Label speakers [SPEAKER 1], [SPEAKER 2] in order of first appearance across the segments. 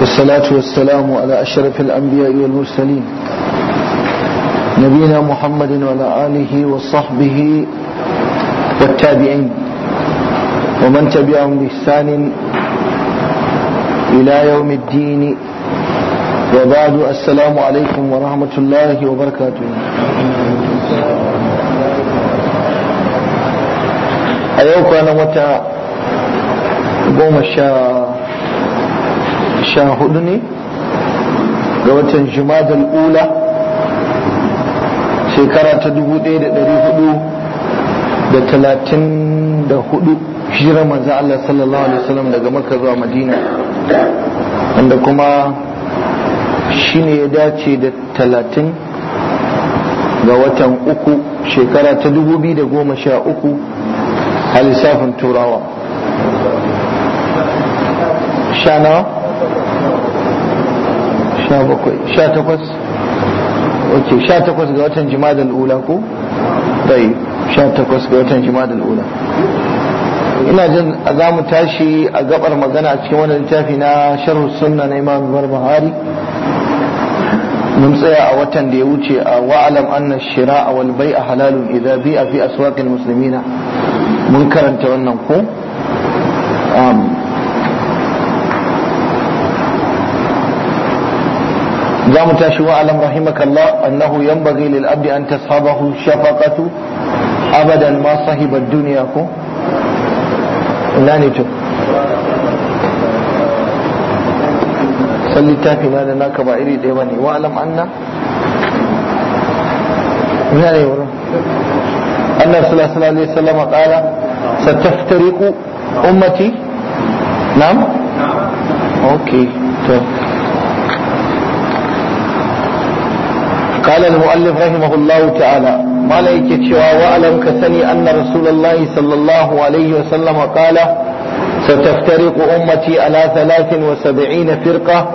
[SPEAKER 1] والصلاة والسلام على أشرف الأنبياء والمرسلين نبينا محمد وعلى آله وصحبه والتابعين ومن تبعهم بإحسان إلى يوم الدين وبعد السلام عليكم ورحمة الله وبركاته أيوك أنا متى قوم الشهر sha hudu ne ga watan jumadal ula shekara ta dubu ɗaya da ɗari hudu da talatin da hudu shirar maza Allah sallallahu alaihi wasallam daga maka zuwa Madina wanda kuma shi ne ya dace da talatin ga watan uku shekara ta dubu biyu da goma sha uku a lissafin turawa shana sha sha takwas sha takwas ga watan jima'a ula ko bai sha takwas ga watan jima'a ula ina jin za mu tashi a gabar magana a cikin wannan littafi na sharhu sunna na imam barbahari mun tsaya a watan da ya wuce a wa'alam anna shira wal bai'a halalun idza bi'a fi aswaqil muslimina mun karanta wannan ko za mu tashi wa alam rahimakallah annahu yanbaghi lil abdi an tasabahu shafaqatu abadan ma sahiba dunya ko ina ne to salli naka ba iri ɗaya bane wa alam anna ina ne wurin annar sallallahu alaihi wasallam qala okay to قال المؤلف رحمه الله تعالى ما لك واعلم كسني أن رسول الله صلى الله عليه وسلم قال ستفترق أمتي على ثلاث وسبعين فرقة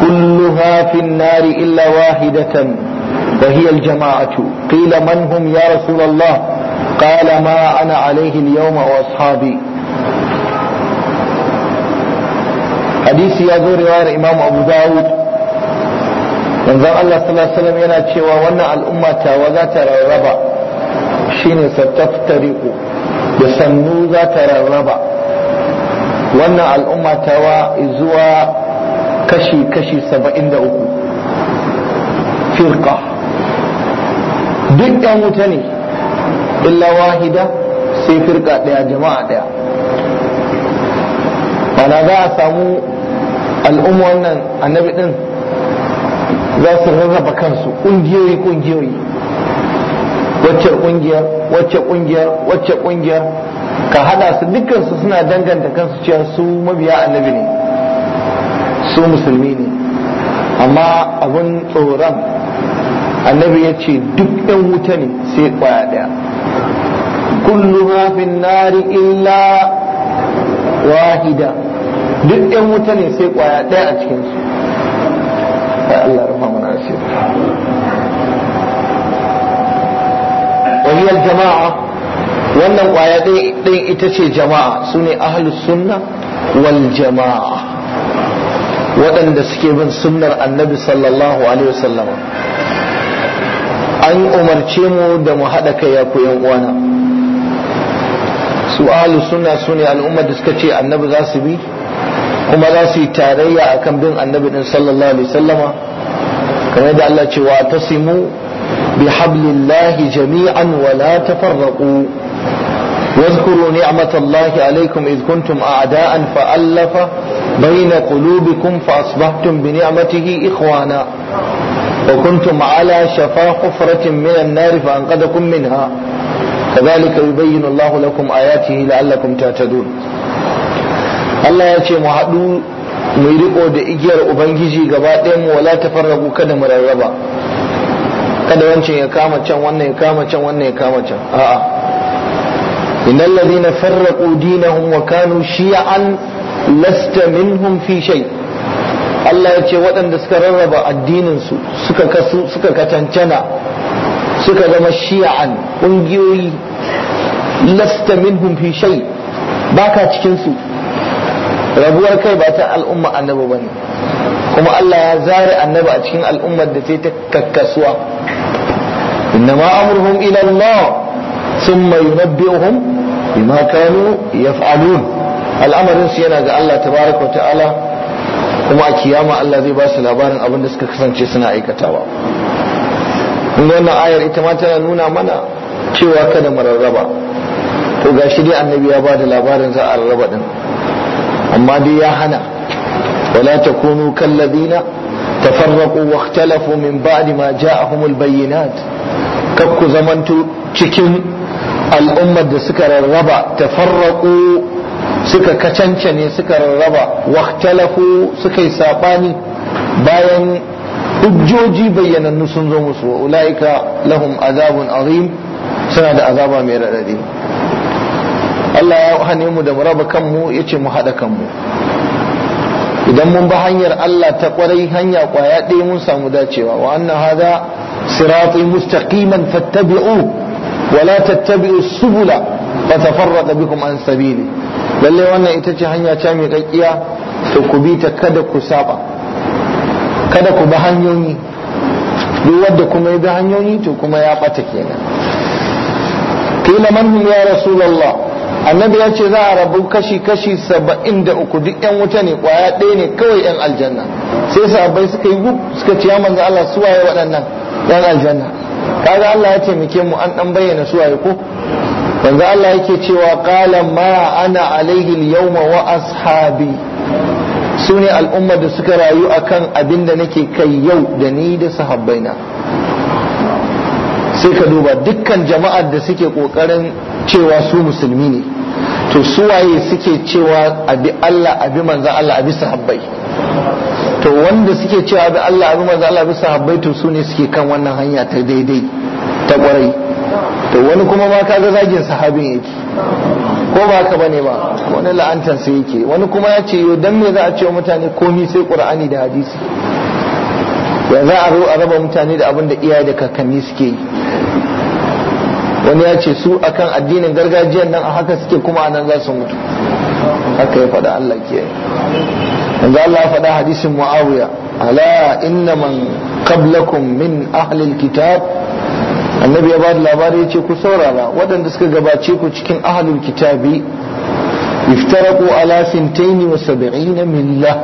[SPEAKER 1] كلها في النار إلا واحدة وهي الجماعة قيل من هم يا رسول الله قال ما أنا عليه اليوم وأصحابي حديث يا ذو رواية الإمام أبو داود manzon Allah sallallahu alaihi wasallam yana cewa wannan al'umma tawa za ta rarraba shine sataftariqu da sannu za ta rarraba wannan al'umma tawa zuwa kashi kashi 73 firqa duk ɗan wuta ne illa wahida sai firka daya jama'a daya mana za a samu al'umma wannan annabi din za su rarraba kansu ƙungiyoyi ƙungiyoyi wacce ƙungiya wacce ƙungiya wacce ƙungiya ka hada su dukkansu suna danganta kansu cewa su mabiya annabi ne su musulmi ne amma abin tsoron annabi ya ce duk ɗan wuta ne sai ƙwaya ɗaya kullu hafin nari illa wahida duk ɗan wuta ne sai ƙwaya ɗaya a cikinsu Allah rufa mana wahiyar jama'a wannan kwaya ɗin ita ce jama'a su ne ahalus sunna wal jama'a waɗanda suke bin sunnar annabi sallallahu alaihi wasallam an umarce mu da mu haɗa kai ku yan uwana su ahalus sunna su ne al'ummar da suka ce annabi za su bi kuma za su yi tarayya akan bin annabi din sallallahu alaihi wasallama kamar da Allah ce wa tasimu bi hablillahi jami'an wa la tafarraqu واذكروا نعمة الله عليكم إذ كنتم أعداء فألف بين قلوبكم فأصبحتم بنعمته إخوانا وكنتم على شفا حفرة من النار فأنقذكم منها كذلك يبين الله لكم آياته لعلكم تعتدون Allah ya ce mu haɗu mu yi riko da igiyar ubangiji gaba ɗaya mu wala ta farragu kada mu rarraba kada wancan ya kama can wannan ya kama can wannan ya kama can a'a innal ladina farraqu dinahum wa kanu shi'an lasta minhum fi shay Allah ya ce waɗanda suka rarraba addinin su suka kasu suka katancana suka zama shi'an ƙungiyoyi lasta minhum fi shay baka cikin su rabuwar kai ba ta al'umma annabi ne kuma Allah ya zare annabi a cikin al'ummar da ta kakkasuwa innama amruhum ila Allah thumma yunabbi'uhum bima kanu yaf'alun al'amarin su yana ga Allah ta baraka ta'ala kuma a kiyama Allah zai ba su labarin abin da suka kasance suna aikatawa wannan ayar ita ma tana nuna mana cewa kada mu rarraba to gashi dai annabi ya ba da labarin za a rarraba din amma dai ya hana wala takunu kallabina tafarraqu wa ikhtalafu min ba'di ma ja'ahumul bayyinat kakku zamantu cikin al'ummar da suka rarraba tafarraqu suka kacance ne suka rarraba wa ikhtalafu suka yi sabani bayan hujjoji bayyanannu sun zo musu wa ulaika lahum azabun azim suna da azaba mai radadi Allah ya hane mu da mu raba kanmu ya ce mu haɗa kanmu idan mun bi hanyar Allah ta kwarai hanya kwaya ɗaya mun samu dacewa wa anna hada sirati mustaqiman fattabi'u wa la tattabi'u subula fatafarraqa bikum an sabili lalle wannan ita ce hanya ta mai kakkiya to ku bi ta kada ku saba kada ku bi hanyoyi duk wanda kuma ya bi hanyoyi to kuma ya bata kenan kila man hum ya rasulullah annabi ya ce za a rabu kashi kashi saba'in da uku duk yan wuta ne kwaya ɗaya ne kawai yan aljanna sai sahabbai suka yi gub suka ciya manzo Allah suwaye waɗannan yan aljanna kaga Allah ya taimake mu an ɗan bayyana suwaye ko yanzu Allah yake cewa qala ma ana alaihi al-yawma wa ashabi sune al'ummar da suka rayu akan abin da nake kai yau da ni da sahabbaina sai ka duba dukkan jama'ar da suke kokarin cewa su musulmi ne to suwaye suke cewa abi Allah abi manzo Allah abi sahabbai to wanda suke cewa abi Allah abi manzo Allah abi sahabbai to su ne suke kan wannan hanya ta daidai ta kwarai to wani kuma ma ga zagin sahabin yake ko ba ka bane ba wani la'antar sai yake wani kuma ya ce yo, dan me za a ce mutane komi sai qur'ani da hadisi Yanzu za a raba mutane da abin da iyaye da kakanni suke yi wani ya ce su akan addinin gargajiyar nan a haka suke kuma a nan za su mutu haka ya faɗa Allah ke yanzu Allah faɗa hadisin mu'awiya ala inna man qablakum min ahlil kitab annabi ya bada labari ya ce ku saurara waɗanda suka gabace ku cikin ahlul kitabi iftaraku ala sintaini wa sab'ina milla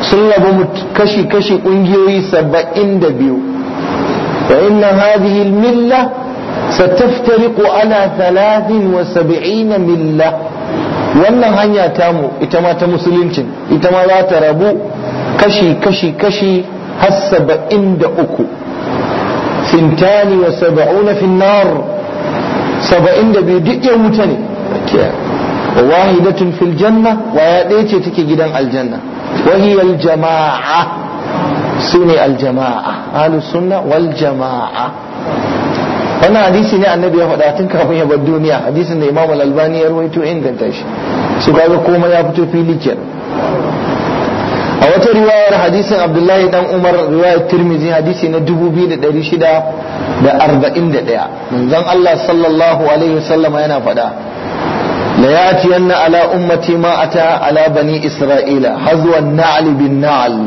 [SPEAKER 1] sun labu kashi kashi ƙungiyoyi saba'in da biyu wa inna hadhihi milla ستفترق على 73 ملة wannan hanya tamu ita ma ta musuluncin ita ma za ta rabu kashi kashi kashi har saba'in da uku fintani wa saba'una finnar saba'in da biyu duk yan wuta ne wa wahidatun fil janna wa ya ɗaya ce take gidan aljanna wahiyar jama'a su ne aljama'a ahlus sunna wal jama'a wannan hadisi ne annabi ya faɗa tun kafin ya bar duniya hadisin da imam albani ya rawaito inganta shi su kaga komai ya fito fili kenan a wata riwayar hadisin abdullahi dan umar riwayar tirmizi hadisi na 2641 manzon allah sallallahu alaihi wasallama yana faɗa la yatiyanna ala ummati ma ata ala bani isra'ila hazwa na'li bin na'l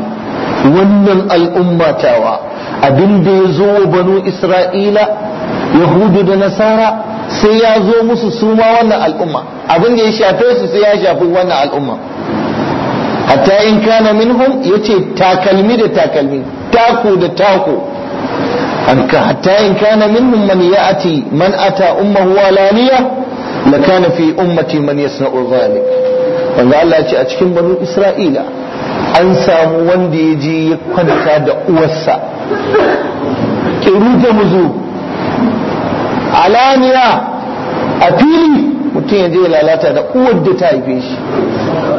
[SPEAKER 1] wannan al'ummatawa abin da ya zo banu isra'ila yahudu da nasara sai ya zo musu suma wannan al'umma abin da ya shafe su sai ya shafi wannan al'umma hatta in kana minhum yace takalmi da takalmi taku da taku hatta in kana minhum man ya'ati man ata ummahu walaniya lakana fi ummati man yasna'u zalik wanda Allah ce a cikin banu Isra'ila an samu wanda ya je ya kwanta da uwarsa kiru da muzu alaniya a fili mutum ya je lalata da uwar da ta haife shi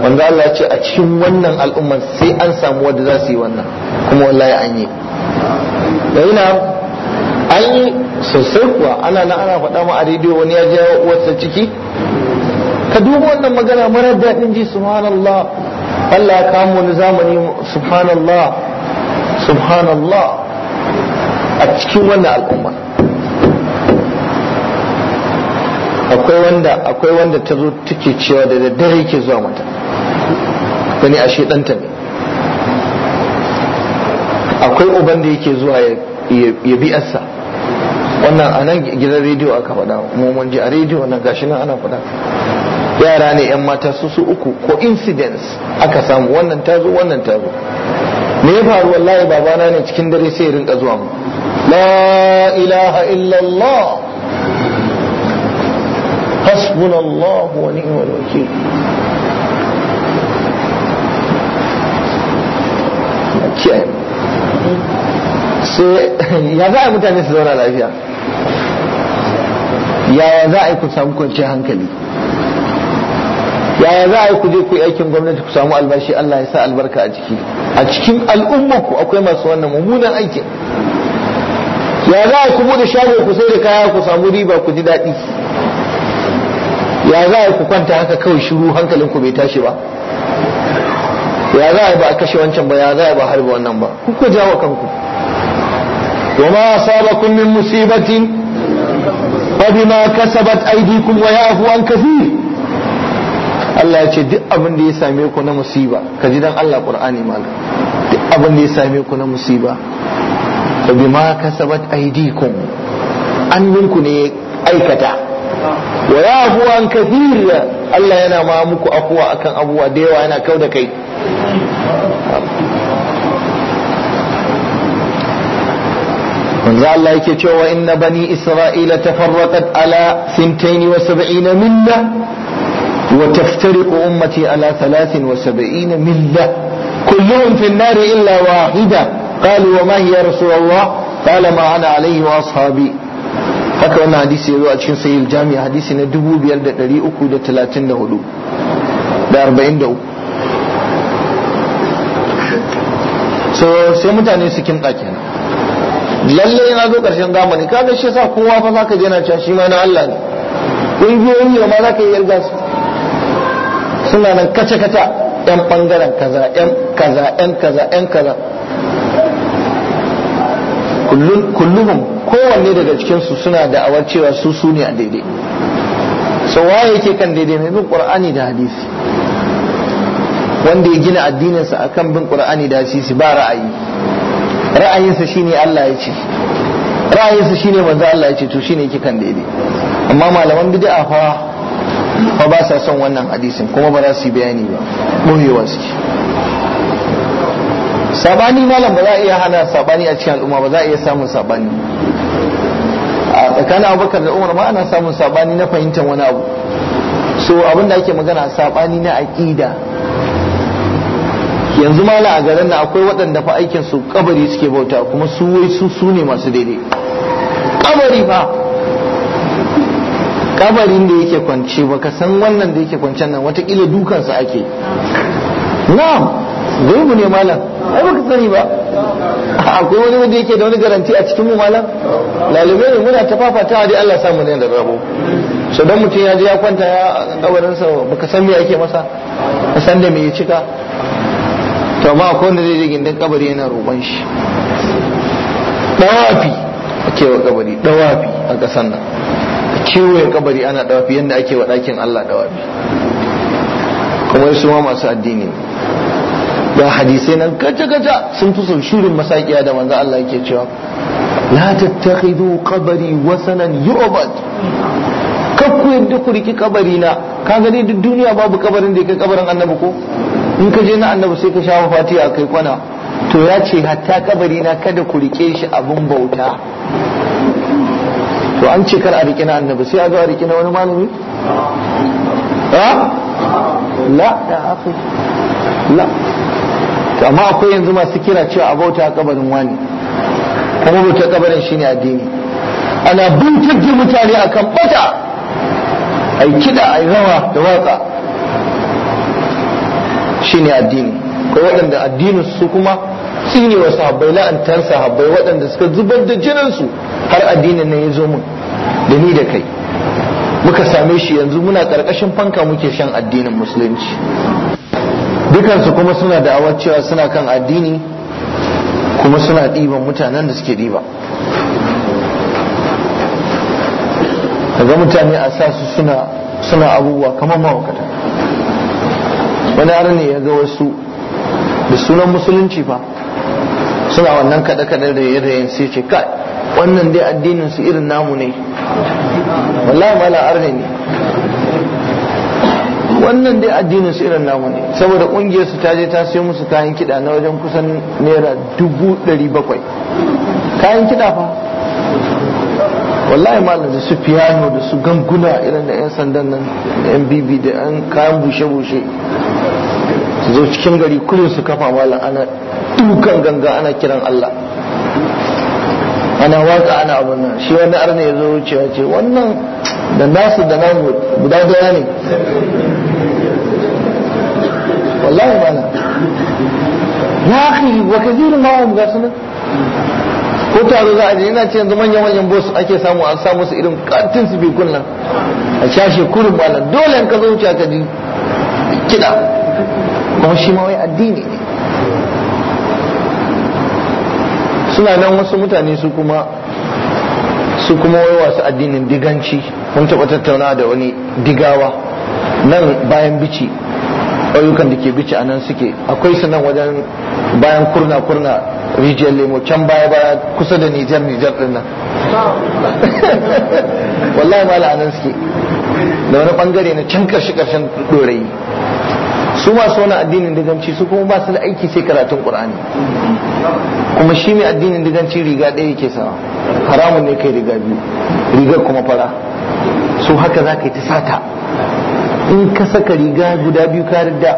[SPEAKER 1] wanda Allah ce a cikin wannan al'ummar sai an samu wadda za su yi wannan kuma wallahi an yi da na an yi sosai kuwa ana na ana faɗa mu a rediyo wani ya je uwarsa ciki ka duba wannan magana marar daɗin ji subhanallah Allah ya kamo wani zamani subhanallah subhanallah a cikin wannan al'ummar. akwai wanda akwai wanda ta zo take cewa da daddare yake zuwa mata wani a shedanta ne akwai uban da yake zuwa ya bi assa wannan a nan gidan rediyo aka faɗa mun ji a rediyo nan gashi nan ana faɗa yara ne yan mata su su uku ko incidents aka samu wannan ta zo wannan ta zo me ya faru wallahi babana ne cikin dare sai ya rinka zuwa mu la ilaha illallah حسبنا الله ونعم الوكيل sai ya za a mutane su zauna lafiya yaya za a yi ku samu kwanciyar hankali yaya za a yi ku je ku yi aikin gwamnati ku samu albashi Allah ya sa albarka a ciki a cikin al'ummaku ku akwai masu wannan mummunan aikin ya za a yi ku bude shago ku sai da kaya ku samu riba ku ji daɗi ya za ku kwanta haka kawai shiru hankalinku bai tashi ba ya za a ba a kashe wancan ba ya za a ba harba wannan ba kuka jawo kanku وما أصابكم من مصيبة فبما كسبت أيديكم ويعفو an كثير Allah ya ce duk abin da ya same ku na musiba ka ji dan Allah Qur'ani malam duk abin da ya same ku na musiba fa bima kasabat aydikum annunku ne aikata ويعفو عن كثير Allah yana ma muku afuwa akan abubuwa da yawa yana kau da kai manzo Allah yake cewa inna bani isra'ila tafarraqat ala 72 milla wa taftariqu ummati ala 73 milla kulluhum fi an-nar illa wahida قالوا وما هي يا رسول الله قال ما انا عليه واصحابي haka wannan hadisi ya zo a cikin sahih jami hadisi na 5334 da so sai mutane su kimɗa kenan lalle na zo ƙarshen zamani kaga shi sa kowa fa zaka je na cewa shi ma na Allah ne ƙungiyoyin yau ma zaka yi yarda su suna nan kace kata yan bangaren kaza yan kaza yan kaza yan kaza kulluhum kowanne daga cikinsu suna da'awar cewa su su ne a daidai so wa yake kan daidai mai bin qur'ani da hadisi wanda ya gina addininsa akan bin qur'ani da hadisi ba ra'ayi ra'ayinsa shine Allah ya ce ra'ayinsa shine manzo Allah ya ce to shine yake kan daidai amma malaman bid'a fa fa ba sa son wannan hadisin kuma ba za su yi bayani ba boyewa suke sabani malam ba za a iya hana sabani a cikin al'umma ba za a iya samun sabani a tsakanin abubakar da umar ma ana samun sabani na fahimtar wani abu so abin da ake magana sabani na aƙida yanzu mala a garin na akwai waɗanda fa aikin su kabari suke bauta kuma su wai su su ne masu daidai kabari fa kabarin da yake kwance baka san wannan da yake kwancen nan watakila dukansa ake na'am gaibu ne malam ai baka sani ba akwai wani wanda yake da wani garanti a cikin mu malam lalibai ne muna ta fafatawa dai Allah samu ne da rabo so dan mutum ya je ya kwanta ya kabarin sa baka san me yake masa ka san da me ya cika to ba akwai wanda zai je gindin kabari yana roban shi dawafi ake wa kabari dawafi a kasan nan kewaye kabari ana dawafi yadda ake wa dakin Allah dawafi kuma su ma masu addini ne ga hadisai nan gaja gaja sun fi sun shirin masakiya da manzo Allah yake cewa la tattakhidu qabri wasanan yu'bad kakku yadda ku riki kabari na ka gani duk duniya babu kabarin da yake kabarin annabi ko in ka je na annabi sai ka shafa fatiha kai kwana to ya ce hatta kabari na kada ku rike shi abun bauta to an ce kar a rike na annabi sai a zo a rike na wani malami ha la ta akhi la to amma akwai yanzu masu kira cewa a bauta kabarin wani kuma bauta kabarin shine addini ana bintar da mutane akan bata ai kida ai rawa da waka shine addini ko waɗanda addinin su kuma tsine wa sahabbai la'antar sahabbai waɗanda suka zubar da jininsu har addinin nan ya zo mun da ni da kai muka same shi yanzu muna ƙarƙashin fanka muke shan addinin musulunci dukansu kuma suna da'awar cewa suna kan addini kuma suna ɗiban mutanen da suke ɗiba daga mutane a sa su suna abubuwa kamar mawakata wani ara ne ya ga wasu da sunan musulunci fa suna wannan kaɗe-kaɗe da rayu sai ce kai wannan dai addinin su irin namu ne wallahi mala arne ne wannan dai addinin su irin namu ne saboda kungiyar su ta je ta sayo musu kayan kiɗa na wajen kusan naira dubu ɗari bakwai kayan kiɗa fa wallahi malam da su piano da su ganguna irin da 'yan sandan nan da yan bibi da 'yan kayan bushe-bushe su zo cikin gari kullum su kafa malam ana dukan ganga ana kiran Allah ana waka ana abin nan shi wani arna ya zo wucewa ce wannan da nasu da namu guda daya ne wallahi mana ya akhi wa kathirun ma hum gasu ko taro za a yana ina ce yanzu manyan manyan boss ake samu an samu su irin kantin su bi kunnan a shashe kurin malam dole in ka zo wuce ka ji kiɗa kuma shi ma wai addini ne suna nan wasu mutane su kuma su kuma wai wasu addinin diganci mun taɓa tattauna da wani digawa nan bayan bici Ayyukan da ke bici a nan suke akwai su nan wajen bayan kurna kurna rijiyar lemo can baya baya kusa da nijar nijar din nan wallahi mala a nan suke da wani bangare na can karshe karshen dorayi su masu wani addinin diganci su kuma ba su da aiki sai karatun qur'ani kuma shi mai addinin diganci riga ɗaya yake sawa haramun ne kai riga biyu rigar kuma fara su haka za ka yi ta sata in ka saka riga guda biyu ka da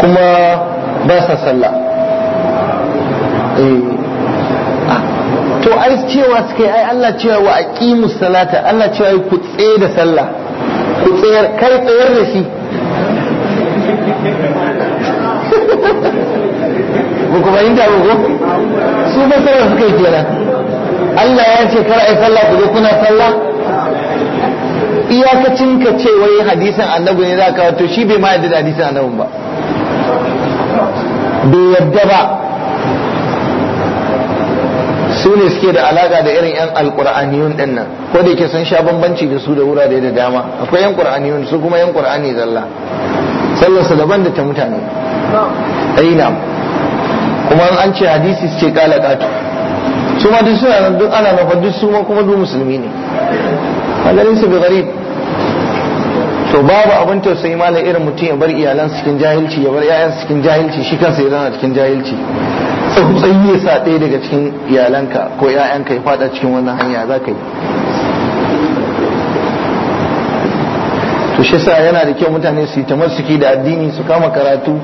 [SPEAKER 1] kuma ba sa sallah eh. to ai cewa suka ai Allah cewa wa aqimu salata Allah cewa ku tsaye da sallah ku tsayar kai tsayar da shi
[SPEAKER 2] ku bayin da ko su sai
[SPEAKER 1] suka yi kenan Allah ya ce kar ai sallah ku zo kuna sallah iyakacin ka ce wai hadisin annabi ne za ka to shi bai ma yadda da hadisin annabi ba bai yadda ba su ne suke da alaka da irin yan alkur'aniyun din nan ko da yake sun sha bambanci da su da wurare da dama akwai yan ƙur'aniyun su kuma yan ƙur'ani zalla sallarsa daban da ta mutane aina kuma an ce hadisi ce kala kato su ma duk suna nan duk ana nafa duk su ma kuma duk musulmi ne garin su bi gharib to babu abin tausayi malam irin mutum ya bar iyalan cikin jahilci ya bar yayan cikin jahilci shi kansa ya zana cikin jahilci sai ya sa ɗaya daga cikin iyalanka ko yayanka ya fada cikin wannan hanya za ka yi to shi sa yana da kyau mutane su yi tamarsuki da addini su kama karatu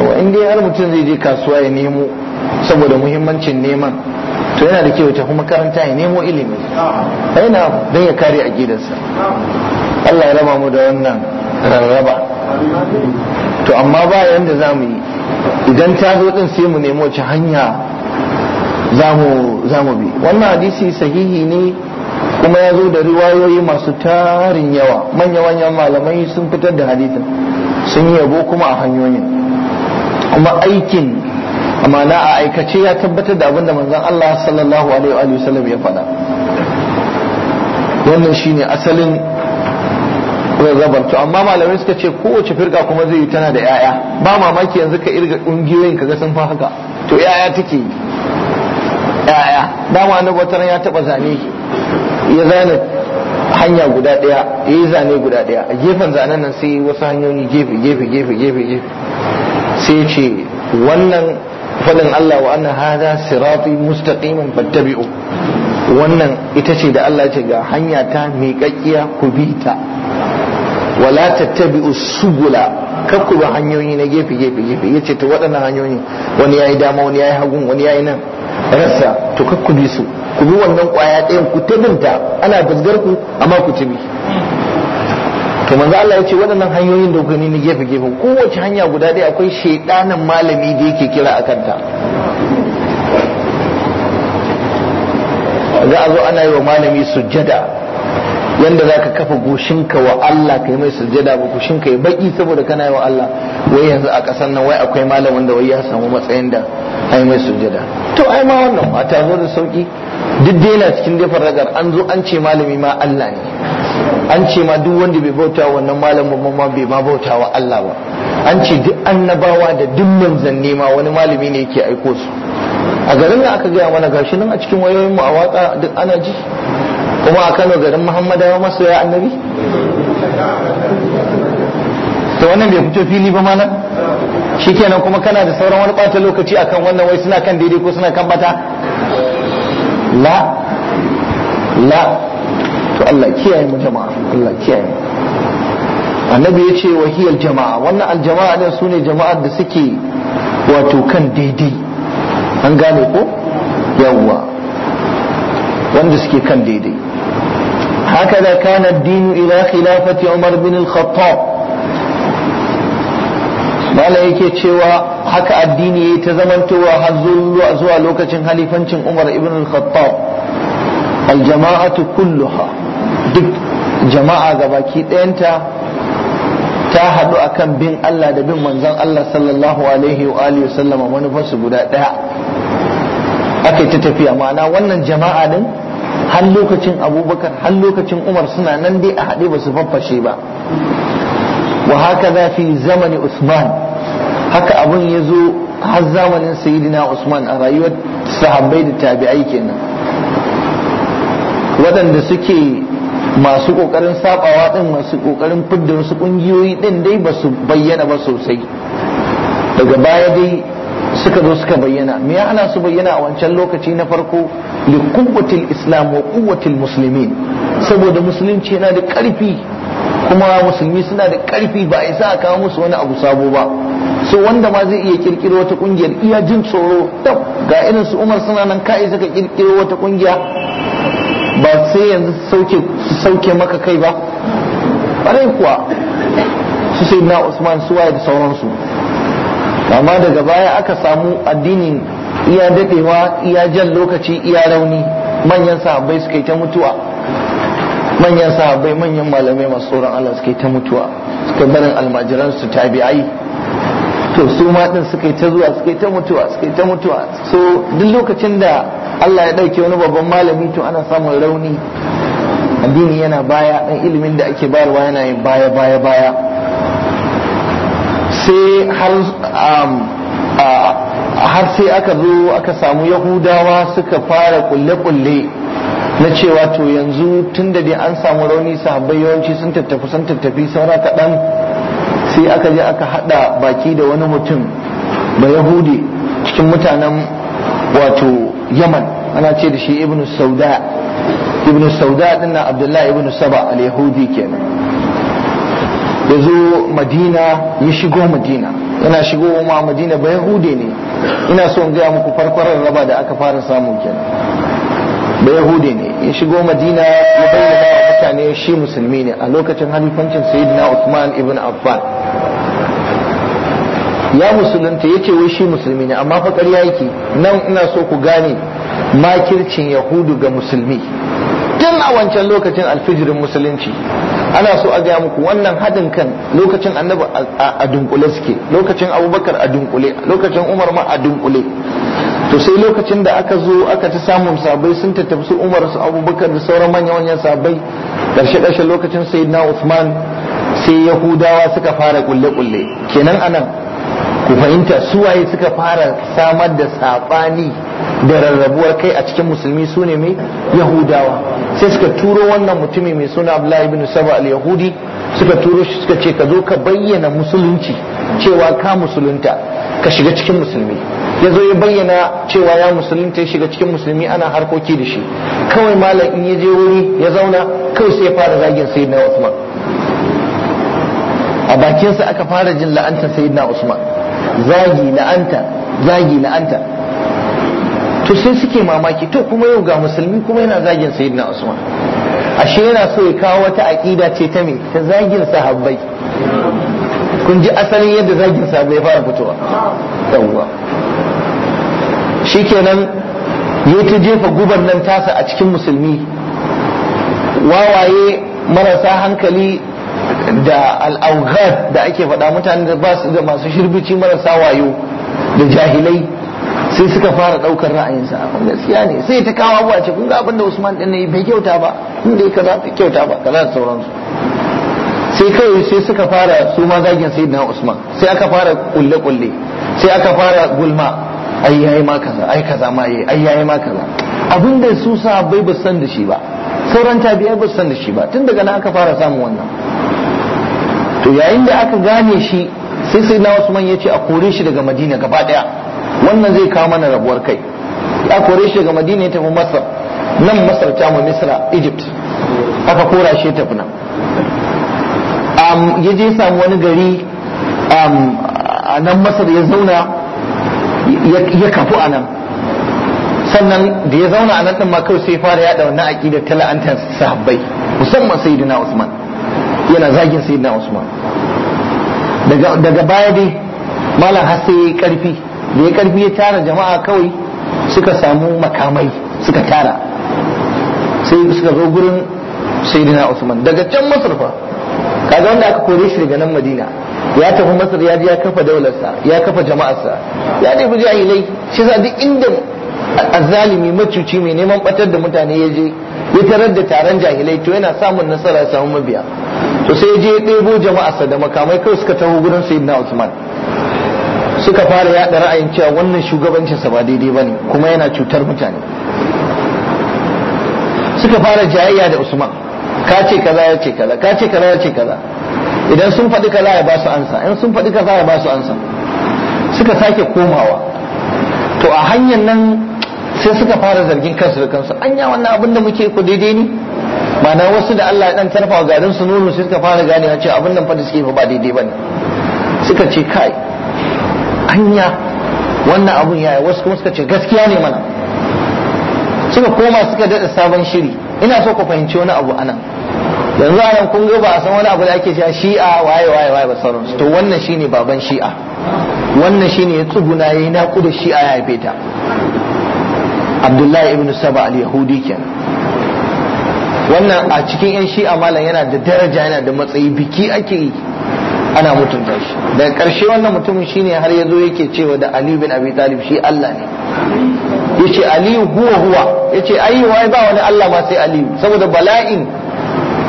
[SPEAKER 1] yawa in har mutum zai je kasuwa ya nemo saboda muhimmancin neman to yana da kyau ya tafi makaranta ya nemo ilimi yana don ya kare a gidansa Allah ya raba mu da wannan rarraba to amma ba yanda za mu yi idan ta zo din sai mu nemo ci hanya za mu bi wannan hadisi sahihi ne kuma ya zo da riwayoyi masu tarin yawa manya-manyan malamai sun fitar da hadisin sun yi yabo kuma a hanyoyin kuma aikin amana a aikace ya tabbatar da abinda manzon Allah sallallahu alaihi wa sallam ya faɗa wannan shine asalin zaban to amma malamai suka ce kowace firka kuma zai yi tana da yaya ba mamaki yanzu ka irga kungiyoyin kaga sun fa haka to yaya take yi yaya dama annabi wata ya taba zane ya zane hanya guda daya ya yi zane guda daya a gefen zanen nan sai wasu hanyoyi gefe gefe gefe gefe sai ce wannan fadin Allah wa annan hada sirafi mustaqiman fattabi'u wannan ita ce da Allah ce ga hanya ta miƙaƙiya ku bi ta wala tattabi'u subula kakku ba hanyoyi na gefe gefe gefe yace to waɗannan hanyoyi wani yayi dama wani yayi hagun wani yayi nan rasa to kakku bi su ku bi wannan kwaya ɗayan ku tabinta ana gasgar ku amma ku bi to manzo Allah ya ce waɗannan hanyoyin da gani na gefe gefe kowace hanya guda ɗaya akwai shaidanin malami da yake kira a kanta za a zo ana yi wa malami sujjada yanda ka kafa goshinka wa Allah kai mai sujada ba goshinka ya baki saboda kana yi wa Allah wai yanzu a ƙasar nan wai akwai malamin da wai ya samu matsayin da ai mai sujada. to ai ma wannan ba ta zo da sauki duk yana cikin dai ragar an zo an ce malami ma Allah ne an ce ma duk wanda bai bauta wannan malamin ma bai ma bauta wa Allah ba an ce duk annabawa da duk manzanni ma wani malami ne yake aiko su a garin da aka gaya mana gashi nan a cikin wayoyin mu a watsa duk ana ji kuma a kano garin Muhammadu ya masu ya annabi to wannan bai fito fili ba mana shikenan kuma kana da sauran wani ɓata lokaci akan wannan wai suna kan daidai ko suna kan bata la la to Allah kiyaye mu jama'a Allah kiyaye mu annabi ya ce wahiyar jama'a wannan aljama'a ne su ne jama'ar da suke wato kan daidai an gane ko yawwa wanda suke kan daidai Haka كان الدين إلى خلافة عمر بن الخطاب mala yake cewa haka addini yayi ta zamantowa har zuwa lokacin halifancin Umar ibn al-Khattab al kulluha duk jama'a ga baki ɗayanta ta haɗu akan bin Allah da bin manzon Allah sallallahu alaihi wa alihi sallama manufarsu guda ɗaya aka ta tafiya ma'ana wannan jama'a din har lokacin abubakar har lokacin umar suna nan dai a haɗe ba su faffashe ba wa haka za fi zamani usman haka abun ya zo har zamanin sayidina usman a rayuwar sahabbai da tabi'ai kenan waɗanda suke masu ƙoƙarin saɓawa ɗin masu ƙoƙarin fidda wasu ƙungiyoyi ɗin dai ba su bayyana ba sosai daga baya dai suka zo suka bayyana me ya ana su bayyana a wancan lokaci na farko li quwwatil islam wa quwwatil muslimin saboda musulunci yana da karfi kuma musulmi suna da karfi ba a isa a kawo musu wani abu sabo ba so wanda ma zai iya kirkiro wata kungiyar iya jin tsoro to ga irin su Umar suna nan kai suka kirkiro wata kungiya ba sai yanzu sauke sauke maka kai ba bare kuwa su sai na Usman suwaye da sauransu amma daga baya aka samu addinin iya dadewa iya jan lokaci iya rauni manyan sahabbai suka yi ta mutuwa manyan sahabbai manyan malamai masu tsoron Allah suka yi ta mutuwa suka barin almajiran su tabi'ai to su ma din suka yi ta zuwa suka yi ta mutuwa suka yi ta mutuwa so duk lokacin da Allah ya dauke wani babban malami to ana samun rauni addini yana baya dan ilimin da ake bayarwa yana yin baya baya baya Um, har sai aka zo aka samu yahudawa suka fara kulle-kulle na cewa to yanzu tun da dai an samu rauni sahabbai yawanci sun tattafi sun tattafi saura kaɗan sai aka je aka haɗa baki da wani mutum ba yahudi cikin mutanen wato yaman ana ce da shi ibn sauda ibn sauda dinna abdullahi ibn saba al-yahudi kenan ya zo madina ya shigo madina yana shigo ma madina ba yahude ne ina so in gaya muku farkon raba da aka fara samu kenan ba yahude ne ya shigo madina ya bayyana wa mutane shi musulmi ne a lokacin halifancin sayyidina Uthman ibn Affan ya musulunta ya ce wai shi musulmi ne amma fakar yaki nan ina so ku gane makircin yahudu ga musulmi tun a wancan lokacin alfijirin musulunci ana so a gaya muku wannan hadin kan lokacin annabi a dunkule suke lokacin abubakar a dunkule lokacin umar ma a dunkule to sai lokacin da aka zo aka ci samun sabai sun tattafi su umar su abubakar da sauran manyan manyan sabai karshe karshe lokacin na usman sai yahudawa suka fara kulle kulle kenan anan ku fahimta su suka fara samar da sabani da rarrabuwar kai a cikin musulmi su ne mai yahudawa sai suka turo wannan mutumi mai suna abdullahi bin saba al-yahudi suka turo shi suka ce ka zo ka bayyana musulunci cewa ka musulunta ka shiga cikin musulmi ya zo ya bayyana cewa ya musulunta ya shiga cikin musulmi ana harkoki da shi kawai malam in ya je wuri ya zauna kawai sai ya fara zagin sayyidina usman a bakinsa aka fara jin la'anta sayyidina usman zagi la'anta zagi la'anta to sai suke mamaki to kuma yau ga musulmi kuma yana zagin sayyidina usman ashe yana so ya kawo wata aƙida ce ta me ta zagin sahabbai kun ji asalin yadda zagin sahabbai fara fitowa yawwa shikenan ya ta jefa guban nan tasa a cikin musulmi wawaye marasa hankali da al'aughad da ake faɗa mutane da ba su da masu shirbici marasa wayo da jahilai sai suka fara daukar ra'ayinsa amma gaskiya ne sai ta kawo abuwa ce kun ga abin da Usman din yi bai kyauta ba kun dai kaza bai kyauta ba kaza da sauransu sai kai sai suka fara su ma zagin sayyidina Usman sai aka fara kulle kulle sai aka fara gulma ai yayi ma kaza ai kaza ma yayi ai yayi ma kaza abin da su bai ba san da shi ba sauran tabi'ai ba san da shi ba tun daga nan aka fara samun wannan to yayin da aka gane shi sai sayyidina Usman ya ce a kore shi daga Madina gaba daya wannan zai kawo mana rabuwar kai ya kore shi ga madina ya tafi masar nan masar ta mu misra egypt aka kora shi tafi nan ya je samu wani gari a nan masar ya zauna ya kafu a nan sannan da ya zauna a nan ɗin ma kawai sai fara yaɗa wannan aƙidar da tala'antar sahabbai musamman sayyidina usman yana zagin sayyidina usman daga baya dai malam har sai karfi da ya karfi ya tara jama'a kawai suka samu makamai suka tara sai suka zo gurin sayidina Usman daga can Masar fa kaga wanda aka kore shi daga nan Madina ya tafi Masar ya ya kafa daularsa ya kafa jama'arsa ya tafi jahilai shi sa duk inda azalimi macuci mai neman batar da mutane ya je ya tarar da taron jahilai to yana samun nasara ya samu mabiya to sai ya je ya ɗebo jama'arsa da makamai kawai suka taho gurin sayidina Usman suka fara yada ra'ayin cewa wannan shugabancinsa ba daidai ba ne kuma yana cutar mutane suka fara jayayya da usman ka ce kaza ya ce kaza ka ce kaza ya ce kaza idan sun faɗi kaza ya ba su ansa in sun faɗi kaza ya ba su ansa suka sake komawa to a hanyar nan sai suka fara zargin kansu da kansu anya wannan abin da muke ku daidai ne ma'ana wasu da Allah ya dan tarfa garin su nono sai suka fara ganewa cewa abin nan fa da suke ba daidai bane suka ce kai Hanya wannan abun yi wasu kuma suka ce gaskiya ne mana suka koma suka daɗa sabon shiri ina so ku fahimci wani abu anan yanzu anan kun ga ba a san wani abu da ake cewa shi'a waye waye waye ba sauransu to wannan shine baban shi'a wannan shine ya tsuguna yayi nakuda shi'a ya haife ta Abdullahi ibn Saba al-Yahudi ken. wannan a cikin 'yan shi'a malam yana da daraja yana da matsayi biki ake yi ana mutunta shi daga karshe wannan mutumin shine har ya zo yake cewa da Ali bin Abi Talib shi Allah ne yace Ali huwa huwa yace ai wai ba wani Allah ma sai Ali saboda bala'in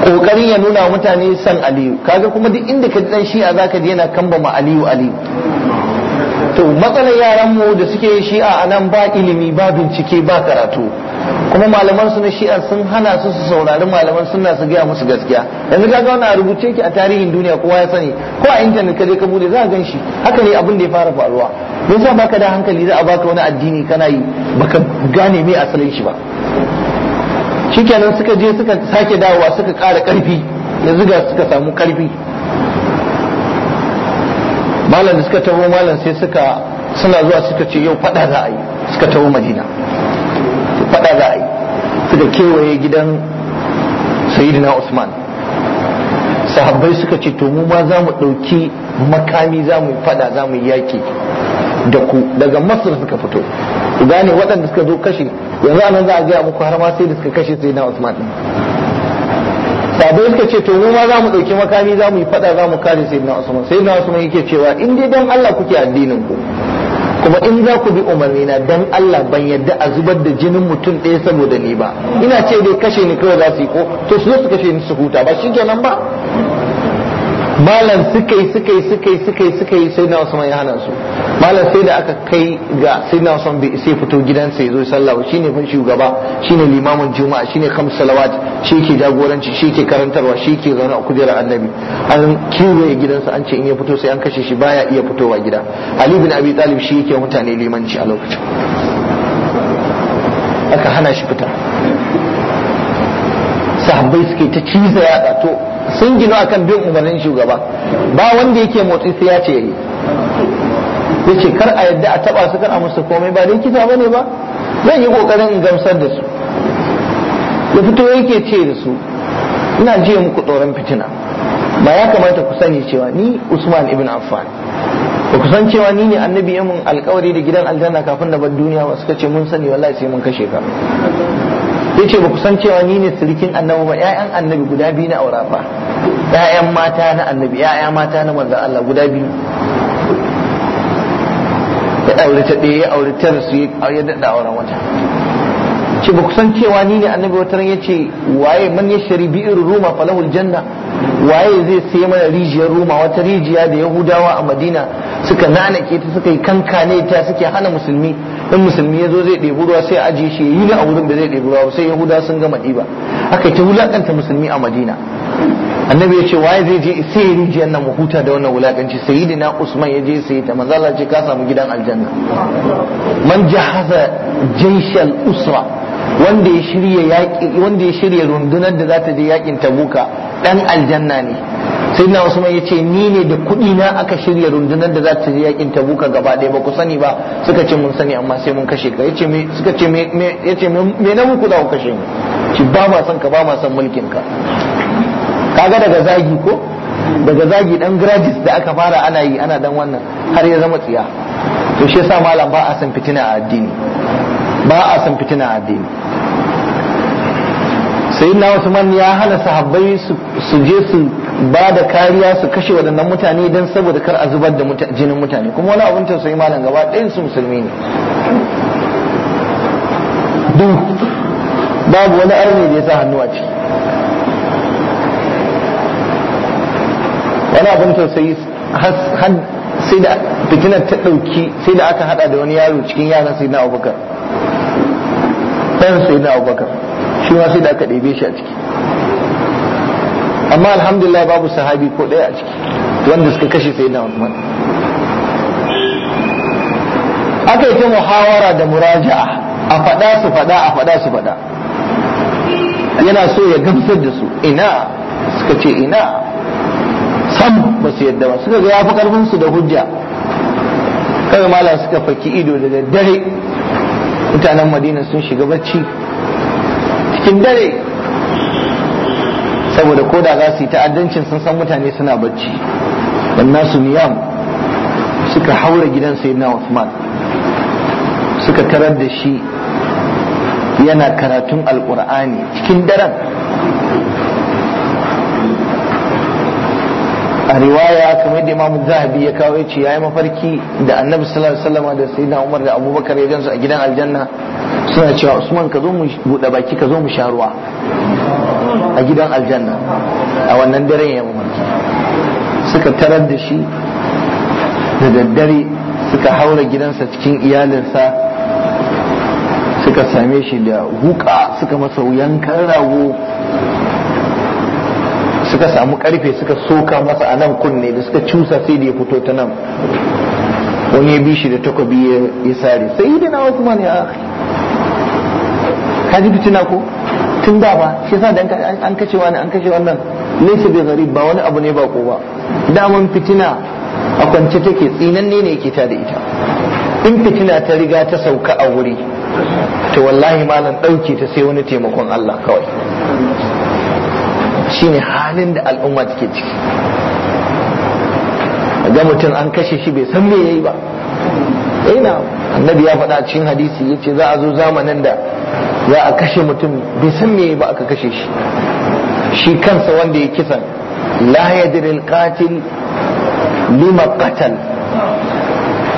[SPEAKER 1] kokarin ya nuna mutane san Ali kaga kuma duk inda ka dan shi'a zaka ji yana kamba ma Ali Ali to matsalar yaran mu da suke shi'a anan ba ilimi ba bincike ba karatu kuma malaman su na shi'a sun hana su su saurari malaman sunna su gaya musu gaskiya yanzu kaga wannan a rubuce ki a tarihin duniya kowa ya sani ko a intanet ka je ka bude za ka gan shi haka ne abin da ya fara faruwa sa baka da hankali za a baka wani addini kana yi baka gane me asalin shi ba shikenan suka je suka sake dawowa suka kara ƙarfi yanzu ga suka samu ƙarfi malam da suka taho malam sai suka suna zuwa suka ce yau faɗa za a yi suka taho madina fada za a yi suka kewaye gidan sayyidina usman sahabbai suka ce to mu ma za mu ɗauki makami za mu fada za mu yaki da ku daga masar suka fito gane waɗanda suka zo kashe yanzu anan za a gaya muku har ma sai da suka kashe sayidina usman din sabai suka ce to mu ma za mu ɗauki makami za mu yi fada za mu kare sayidina usman sayidina usman yake cewa in dai don allah kuke addinin ku kuma in za ku bi umarnina dan Allah ban yadda a zubar da jinin mutum ɗaya saboda ni ba ina ce dai kashe ni kawai za su yi ko to su zo su kashe ni su huta ba shi kenan ba malam suka yi suka yi suka yi suka yi suka yi sai na wasu ya hana su malam sai da aka kai ga sai na wasu bai sai fito gidansa ya zo sallah shine fa shugaba shine limamin juma'a shine khams salawat shi ke jagoranci shi ke karantarwa shi ke zaune a kujerar annabi an ya gidansa an ce in ya fito sai an kashe shi baya iya fitowa gida Ali bin Abi Talib shi yake mutane limanci a lokacin aka hana shi fita sahabbai suke ta ciza ya to sun gino akan bin umarnin shugaba ba wanda yake motsi sai ya ce yayi ce kar a yadda a taba su kan a musu komai ba dai kita bane ba zan yi kokarin in gamsar da su ya fito yake ce da su ina jiya muku tsoron fitina ba ya kamata ku sani cewa ni Usman ibn Affan ba ku san cewa ni ne annabi yamin mun alkawari da gidan aljanna kafin na bar duniya ba suka ce mun sani wallahi sai mun kashe ka ya ce ba kusan san cewa ni ne sirikin annabi ba ƴaƴan annabi guda biyu na aura ba ƴaƴan mata na annabi ƴaƴa mata na manzon Allah guda biyu ya aure ta ɗaya ya aure ta su ya daɗa auren wata ce ba kusan san cewa ni ne annabi wata ran ce waye man ya shari bi'ir ruma falahul janna waye zai sai mana rijiyar ruma wata rijiya da yahudawa a madina suka nanake ta suka yi kankane ta suke hana musulmi in musulmi ya zo zai ɗebi ruwa sai ajiye shi yi a wurin da zai ɗebi ruwa sai yahuda sun gama ɗiba aka ta wulaƙanta musulmi a madina annabi ya ce waye zai je sai ya rijiyar nan huta da wannan wulakanci sayyidina usman ya je sai ta manzala ce ka samu gidan aljanna man jahaza jaishal usra wanda ya shirya yaƙi wanda ya shirya rundunar da za ta je yaƙin tabuka dan aljanna ne sai na wasu ya ce ni ne da kuɗi na aka shirya rundunar da za ta je yakin tabuka gaba ɗaya ba ku sani ba suka ce mun sani amma sai mun kashe ka yace me suka ce me yace me na muku za ku kashe mu ci ba ma son ka ba ma son mulkin ka kaga daga zagi ko daga zagi dan gradis da aka fara ana yi ana dan wannan har ya zama tsiya to shi yasa malam ba a san fitina a addini ba a san fitina a addini sai wasu Usman ya hana sahabbai su je su ba da kariya su kashe waɗannan mutane don saboda kar a zubar da jinin mutane kuma wani abin tausayi malam gaba ɗayan su musulmi ne duk babu wani arni da ya sa hannu a ciki wani abin tausayi sai da fitinar ta ɗauki sai da aka hada da wani yaro cikin yaran sai na abubakar ɗan sai na abubakar shi ma sai da aka ɗebe shi a ciki amma alhamdulillah babu sahabi ko ɗaya a ciki wanda suka kashe sai na Usman aka yi ta muhawara da muraja a faɗa su faɗa a faɗa su faɗa yana so ya gamsar da su ina suka ce ina sam ba su yadda ba suka ga ya fi karfinsu da hujja kawai malam suka faki ido daga dare mutanen madina sun shiga barci. cikin dare saboda koda za su yi ta'addancin sun san mutane suna bacci dan nasu niyam suka haura gidan sayyidina Usman suka tarar da shi yana karatun alkur'ani cikin daren a riwaya kamar da imamu zahabi ya kawo ya ce ya yi mafarki da annabi sallallahu alaihi wasallam da sayyidina umar da abubakar ya gansu a gidan aljanna suna cewa usman ka zo mu buɗe baki ka zo mu sha ruwa a gidan aljanna a wannan daren ya mamarki suka tarar da shi da daddare suka haura gidansa cikin iyalinsa suka same shi da huka suka masa yankan rago suka samu karfe suka soka masa a nan kunne da suka cusa sai da ya fito ta nan wani ya bi shi da takobi ya sare sai yi da na wasu mani a ka ji fitina ko tun da ba shi yasa dan an kace wani an kace wannan laysa bi gharib ba wani abu ne ba ko ba daman fitina a kwance take tsinanne ne yake ta da ita in fitina ta riga ta sauka a wuri to wallahi malam dauke ta sai wani taimakon Allah kawai shine halin da al'umma take ciki ga mutum an kashe shi bai san me yayi ba ina eh annabi ya faɗa cikin hadisi yace za a zo zamanin da za a kashe mutum bai san me ba aka kashe shi shi kansa wanda ya kisan la diril alqatil lima qatal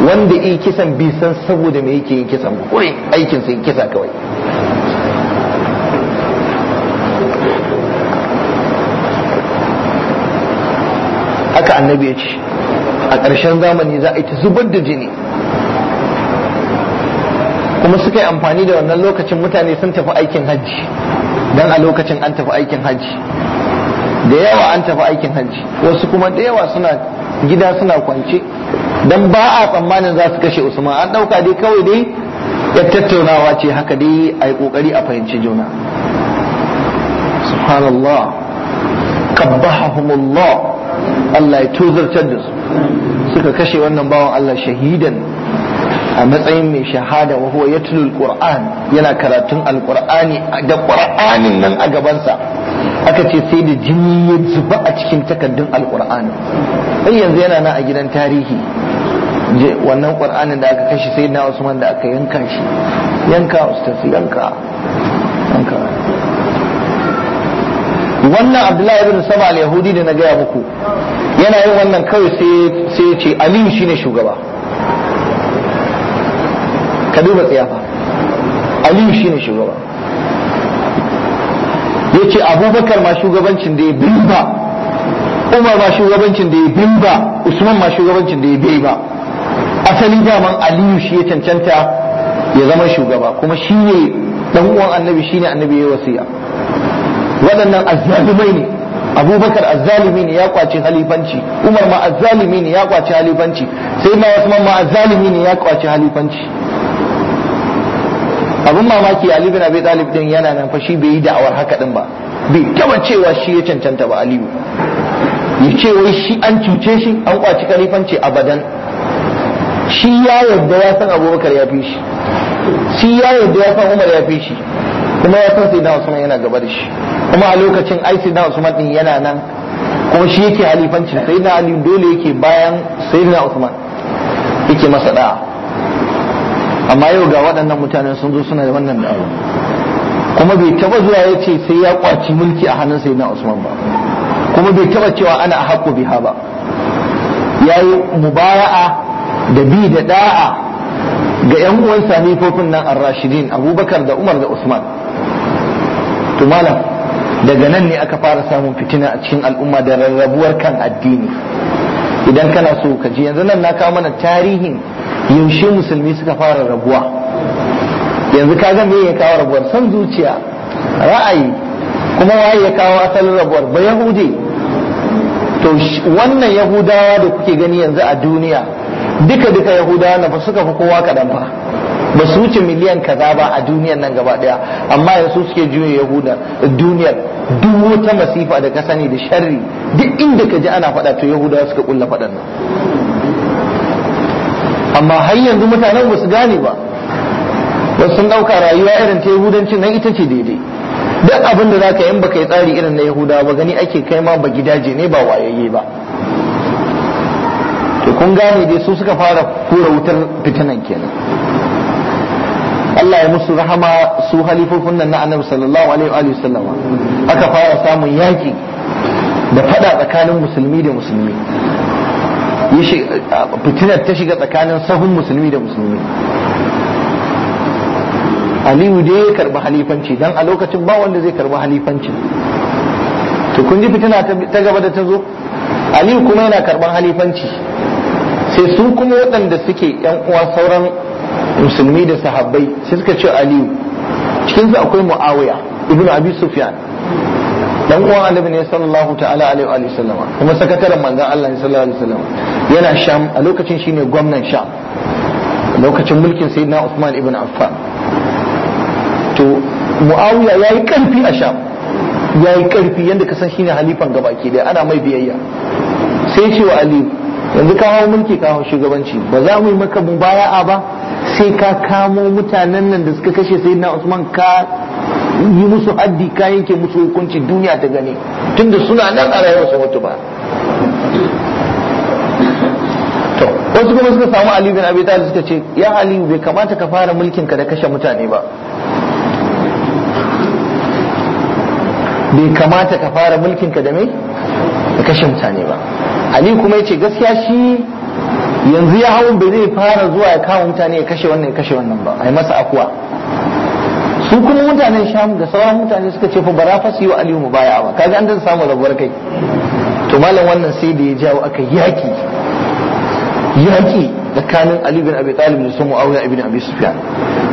[SPEAKER 1] wanda yi kisan bai san saboda me yake yin kisan kawai aikin sai kisa kawai haka annabi ya ce a ƙarshen zamani za a yi zubar da jini kuma suka yi amfani da wannan lokacin mutane sun tafi aikin hajji Don a lokacin an tafi aikin hajji da yawa an tafi aikin hajji wasu kuma da yawa suna gida suna kwance Don ba a tsammanin za su kashe usman an ɗauka dai kawai dai ya tattaunawa ce haka dai a yi kokari a fahimci juna subhanallah qabbahumullah Allah ya tuzartar da su suka kashe wannan bawan Allah shahidan a matsayin mai shahada wa huwa yatlu alquran yana karatun alqur'ani da qur'anin nan a gabansa aka ce sai da jini ya zuba a cikin takardun alqur'ani sai yanzu yana nan a gidan tarihi wannan qur'anin da aka kashe sai na usman da aka yanka shi yanka ustaz yanka yanka wannan abdullahi ibn saba al-yahudi da na gaya muku yana yin wannan kawai sai sai ce amin shine shugaba ka duba tsiyafa aliyu shine shugaba ya ce abubakar ma shugabancin da ya bin ba umar ma shugabancin da ya bin ba usman ma shugabancin da ya bi ba asalin daman aliyu shi ya cancanta ya zama shugaba kuma shi ne dan uwan annabi shi ne annabi ya wasiya waɗannan azzalumai ne abubakar azzalumi ne ya kwace halifanci umar ma azzalumi ne ya kwace halifanci sai ma usman ma azzalumi ne ya kwace halifanci abin mamaki Ali bin Abi Talib din yana nan fa shi bai yi da'awar haka din ba bai taba cewa shi ya cancanta ba Aliyu ya ce wai shi an cuce shi an kwaci kalifanci abadan shi ya yarda ya san Abubakar ya fi shi shi ya yarda ya san Umar ya fi shi kuma ya san Sayyidina Usman yana gaba da shi kuma a lokacin ai Sayyidina Usman din yana nan kuma shi yake halifancin Sayyidina Ali dole yake bayan Sayyidina Usman yake masa da'a amma yau ga waɗannan mutane sun zo suna da wannan da'awa kuma bai taba zuwa ya ce sai ya kwaci mulki a hannun sai na usman ba kuma bai taba cewa ana haƙo biha ba ya yi mubaya'a da bi da da'a ga 'yan uwan samifofin nan an rashidin abubakar da umar da usman to daga nan ne aka fara samun fitina a cikin al'umma da rarrabuwar kan addini idan kana so ka ji yanzu nan na kawo mana tarihin yaushe musulmi suka fara rabuwa yanzu ka ga me ya kawo rabuwar san zuciya ra'ayi kuma waye ya kawo asalin rabuwar ba yahudi to wannan yahudawa da kuke gani yanzu a duniya duka duka yahudawa na ba suka fi kowa kaɗan fa ba su wuce miliyan kaza ba a duniyan nan gaba daya amma yanzu suke juya yahuda duniyar duk wata masifa da ka sani da sharri duk inda ka ji ana faɗa to yahudawa suka kulla faɗan nan amma har yanzu mutanen ba su gane ba ba sun ɗauka rayuwa irin ta yahudanci nan ita ce daidai duk abin da zaka in baka yi tsari irin na yahudawa ba gani ake kai ma ba gidaje ne ba wayayye ba to kun gane dai su suka fara kura wutar fitinan kenan Allah ya musu rahama su halifofin nan na annabi sallallahu alaihi wa sallama aka fara samun yaki da fada tsakanin musulmi da musulmi fitinar ta shiga tsakanin sahun musulmi da musulmi aliyu dai ya karbi halifanci don a lokacin ba wanda zai karbi halifanci to kun ji fitina ta gaba da ta zo aliyu kuma yana karban halifanci sai su kuma waɗanda suke yan uwa sauran musulmi da sahabbai sai suka ce aliyu cikinsu akwai mu'awiya ibn abi sufyan dan uwan annabi ne sallallahu ta'ala alaihi wa sallama kuma sakataren manzon Allah ne sallallahu alaihi sallama yana Sham a lokacin shine gwamnan Sham lokacin mulkin sayyidina Uthman ibn Affan to Muawiya yayi karfi a Sham yayi karfi yanda ka san shine halifan gaba ke daya ana mai biyayya sai ce wa Ali yanzu ka hawo mulki ka hawo shugabanci ba za mu yi maka mubaya'a ba sai ka kamo mutanen nan da suka kashe sayyidina Uthman ka yi musu haddi ka yanke musu hukunci duniya ta gani tunda suna nan a rayuwar su mutu ba to wasu kuma suka samu Ali bin Abi Talib suka ce ya Ali bai kamata ka fara mulkin ka da kashe mutane ba bai kamata ka fara mulkin ka da me da kashe mutane ba Ali kuma yace gaskiya shi yanzu ya hawan bai zai fara zuwa ya kawo mutane ya kashe wannan ya kashe wannan ba ai masa akuwa su kuma mutanen sham da sauran mutane suka ce fa za fa su yi wa aliyu mubaya ba kaga an dan samu rabuwar kai to malam wannan sai da ya jawo aka yaki yaki tsakanin ali bin abi talib da su muawiya ibn abi sufyan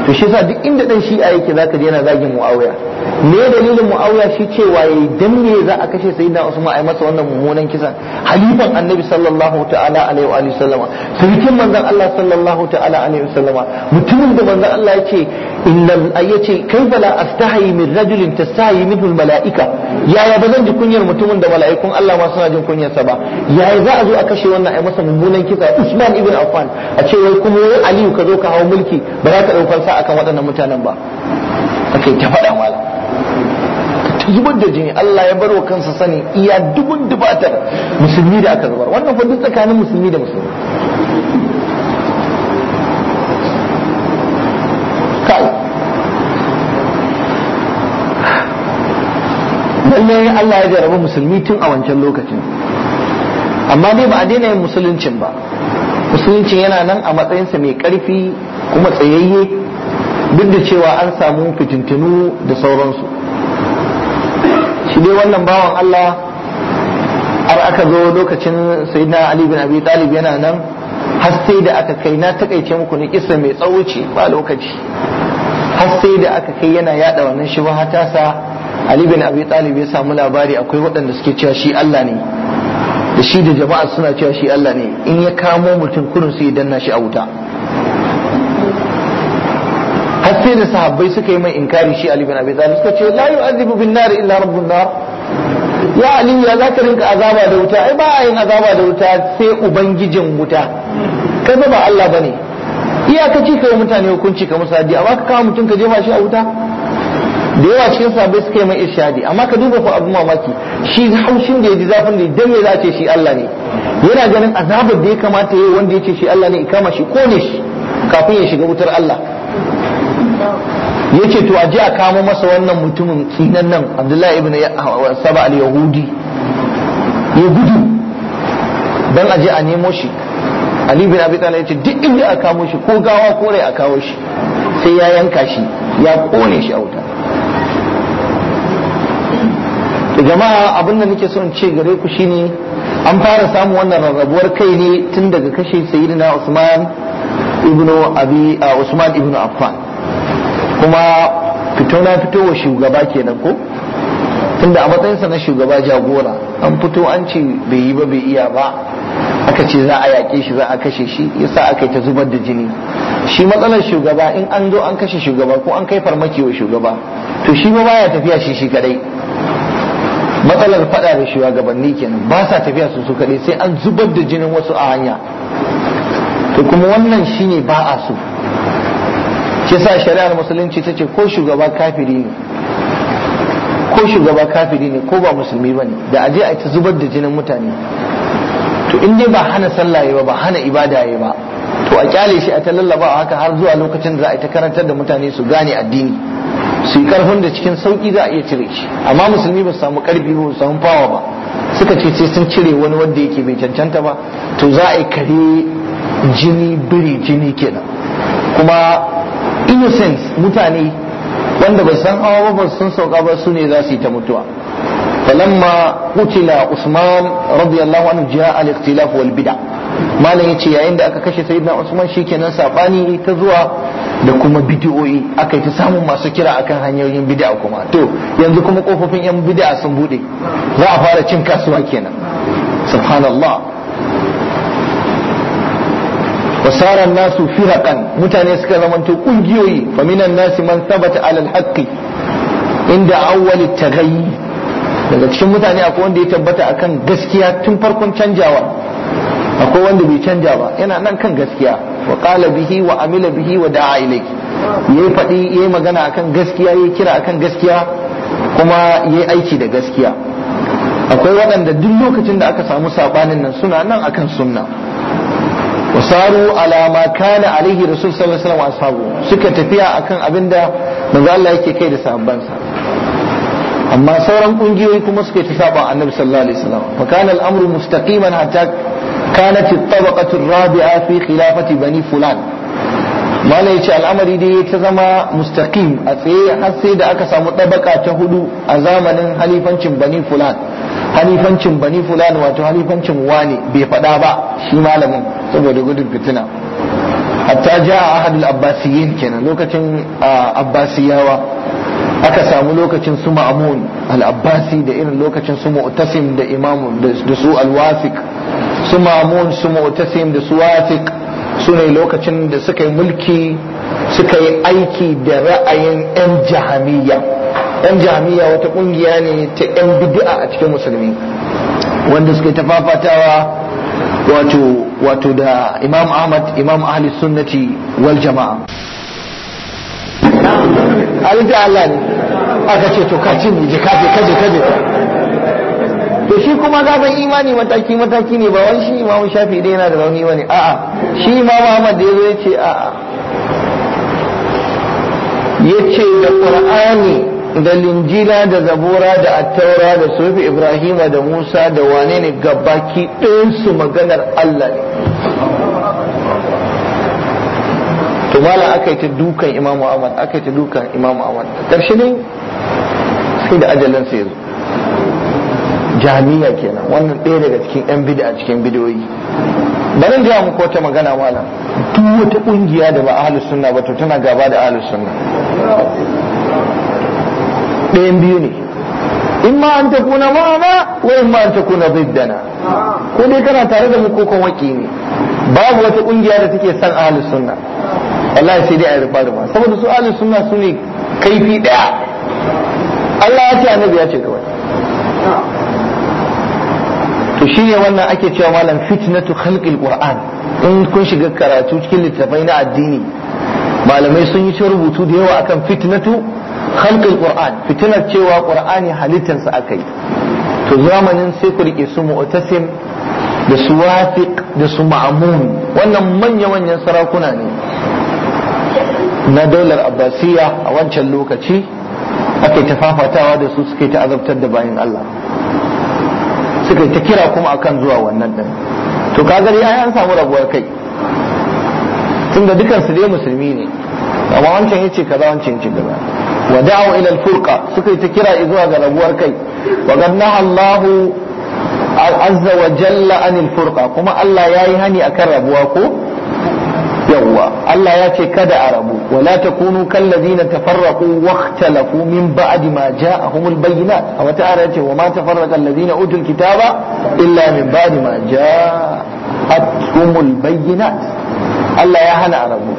[SPEAKER 1] to shi duk inda dan shi'a yake zaka je yana zagin muawiya me dalilin muawiya shi cewa yayi dan me za a kashe sayyidina usman ai masa wannan mummunan kisa halifan annabi sallallahu ta'ala alaihi wa alihi sallama sarkin manzon Allah sallallahu ta'ala alaihi wa sallama mutumin da manzon Allah yake innal kai bala astahi min rajulin tastahi minhu al malaika yaya ba zan ji kunyar mutumin da mala'ikun Allah ma suna jin kunyarsa ba yaya za a zo a kashe wannan ai masa mummunan kisa Usman ibn Affan a ce wai kuma wai Aliyu ka zo ka hawo mulki ba za ka daukar sa nasara akan waɗannan mutanen ba aka yi ta faɗa mala ta zubar da jini Allah ya bar wa kansa sani iya dubun dubatar musulmi da aka zubar wannan fa duk tsakanin musulmi da musulmi kai lallai Allah ya jarabi musulmi tun a wancan lokacin amma dai ba a daina yin musuluncin ba musuluncin yana nan a matsayinsa mai ƙarfi kuma tsayayye duk da cewa an samu fitintinu da sauransu shi dai wannan bawan Allah har aka zo lokacin sayyidina Ali bin Abi Talib yana nan har sai da aka kai na takaice muku ne kisa mai tsawo ba lokaci har sai da aka kai yana yada wannan shubha ta sa Ali bin Abi Talib ya samu labari akwai waɗanda suke cewa shi Allah ne da shi da jama'a suna cewa shi Allah ne in ya kamo mutum kurin sai ya danna shi a wuta sai da sahabbai suka yi mai inkari shi Ali bin Abi Talib suka ce la yu'adhibu bin nar illa rabbun nar ya Ali ya za ka rinka azaba da wuta ai ba a yin azaba da wuta sai ubangijin wuta kai ba Allah bane iyakaci kai mutane hukunci ka musa haddi amma ka kawo mutum ka jefa shi a wuta da yawa cikin sahabbai suka yi mai irshadi amma ka duba fa abu mamaki shi haushin da ya ji zafin da dan me za ce shi Allah ne yana ganin azabar da ya kamata yayi wanda ya ce shi Allah ne ikama shi kone shi kafin ya shiga wutar Allah yace to aje a kamo masa wannan mutumin kinan nan abdullahi ibn saba al yahudi ya gudu dan aje a nemo shi ali bin abi talib yace duk inda a kamo shi ko gawa ko rai a kawo shi sai ya yanka shi ya kone shi a wuta jama'a abin da nake son ce gare ku shine an fara samun wannan rarrabuwar kai ne tun daga kashe sayyidina Usman ibn Abi Usman ibn Affan kuma fito na fito wa shugaba kenan ko tunda a matsayinsa na shugaba jagora an fito an ce bai yi ba bai iya ba aka ce za a yaƙe shi za a kashe shi yasa aka ta zubar da jini shi matsalar shugaba in an zo an kashe shugaba ko an kai farmaki wa shugaba to shi ba baya tafiya shi shi kadai matsalar fada da shugabanni kenan ba sa tafiya su su kadai sai an zubar da jinin wasu a hanya to kuma wannan shine ba a so shi sa shari'ar musulunci ta ce ko shugaba kafiri ne ko shugaba kafiri ne ko ba musulmi ba ne da aje a ta zubar da jinin mutane to in dai ba hana sallah ba ba hana ibada ya ba to a kyale shi a ta lallaba haka har zuwa lokacin da za a ta karantar da mutane su gane addini su yi karfin da cikin sauki za a iya cire shi amma musulmi ba su samu karfi ba su samu fawa ba suka ce sai sun cire wani wanda yake bai cancanta ba to za a yi kare jini biri jini kenan kuma innocent mutane wanda ba san hawa ba sun sauka ba su ne za su yi ta mutuwa falamma Kutila usman radiyallahu anhu jaa al-ikhtilaf wal bid'a malam yace yayin da aka kashe sayyidina usman shikenan sabani ta zuwa da kuma bidiyoyi aka ta samun masu kira akan hanyoyin bid'a kuma to yanzu kuma kofofin yan bid'a sun bude za a fara cin kasuwa kenan subhanallah wasara nasu firaqan mutane suka zamanto ƙungiyoyi fa minan nasi man thabata ala alhaqi inda awwal tagayyi daga cikin mutane akwai wanda ya tabbata akan gaskiya tun farkon canjawa akwai wanda bai canja ba yana nan kan gaskiya wa qala bihi wa amila bihi wa da'a ilayhi yayi faɗi yayi magana akan gaskiya yayi kira akan gaskiya kuma yayi aiki da gaskiya akwai waɗanda duk lokacin da aka samu sabanin nan suna nan akan sunna saru ala ma kana alaihi rasul sallallahu alaihi wasallam suka tafiya akan abinda manzo Allah yake kai da sa amma sauran kungiyoyi kuma suka ta saba annabi sallallahu alaihi wasallam fa kana al-amru mustaqiman hatta kanat at-tabaqatu rabia fi khilafati bani fulan malai yace al'amari dai ta zama mustaqim a tsaye har sai da aka samu tabaka ta hudu a zamanin halifancin bani fulan halifancin bani fulan wato halifancin wani bai fada ba shi malamin saboda gudun fitina hatta ja a ahadul abbasiyin kenan lokacin abbasiyawa aka samu lokacin su ma'amun al-abbasi da irin lokacin su mu'tasim da imamu da su al su ma'amun su mu'tasim da su wasik su ne lokacin da suka yi mulki suka yi aiki da ra'ayin 'yan jihamiya 'yan jihamiya wata kungiya ne ta 'yan bid'a a cikin musulmi wanda suka yi tafafatawa wato wato da imam ahmad imam ahli sunnati wal jama'a alinta Allah ne aka ce to kaci ne je kaje kaje kaje to shi kuma gaban imani mataki mataki ne ba wani shi imamu shafi dai yana da rauni bane a'a shi imamu ahmad da ya yace a'a yace da qur'ani da linjila da zabura da attaura da sufi ibrahima da musa da wane ne gabaki ɗinsu maganar allah ne to aka yi ta dukan imamu ahmad aka yi ta dukan imamu ahmad ƙarshe ne sai da ajalin sai zo jami'a kenan wannan ɗaya daga cikin yan bid'a cikin bidiyoyi bari ga muku wata magana malam duk wata ƙungiya da ba ahlus sunna ba to tana gaba da ahlus sunna ɗayan biyu ne in ma an ma ba wa in ma an takuna ziddana ko dai kana tare da mu ko waki ne babu wata kungiya da take son ahlus sunna wallahi sai dai a rufa ma saboda su ahlus sunna su ne kaifi ɗaya. Allah ya ce annabi ya ce kawai to shine wannan ake cewa malam fitnatu khalqil qur'an in kun shiga karatu cikin littattafai na addini malamai sun yi rubutu da yawa akan fitnatu khalqil qur'an fitilar cewa qur'ani halittarsa aka yi to zamanin sai ku rike su mu'tasim da su wafiq da su ma'mun wannan manya manyan sarakuna ne na daular abbasiya a wancan lokaci aka yi tafafatawa da su suka ta azabtar da bayan Allah suka yi ta kira kuma akan zuwa wannan din to kaga dai an samu rabuwar kai tunda dukansu dai musulmi ne amma wancan yace kaza wancan yace kaza wa da'u ila furka suka yi ta kira izuwa ga rabuwar kai wa ganna Allahu azza wa jalla anil furqa kuma Allah ya yi hani akan rabuwa ko yawwa Allah ya ce kada a rabu wala takunu kallazina tafarraqu waqtalafu min ba'di ma ja'ahumul bayyinat a wata ara yace wa ma tafarraqa allazina utul kitaba illa min ba'di ma ja'ahumul bayyinat Allah ya hana a rabu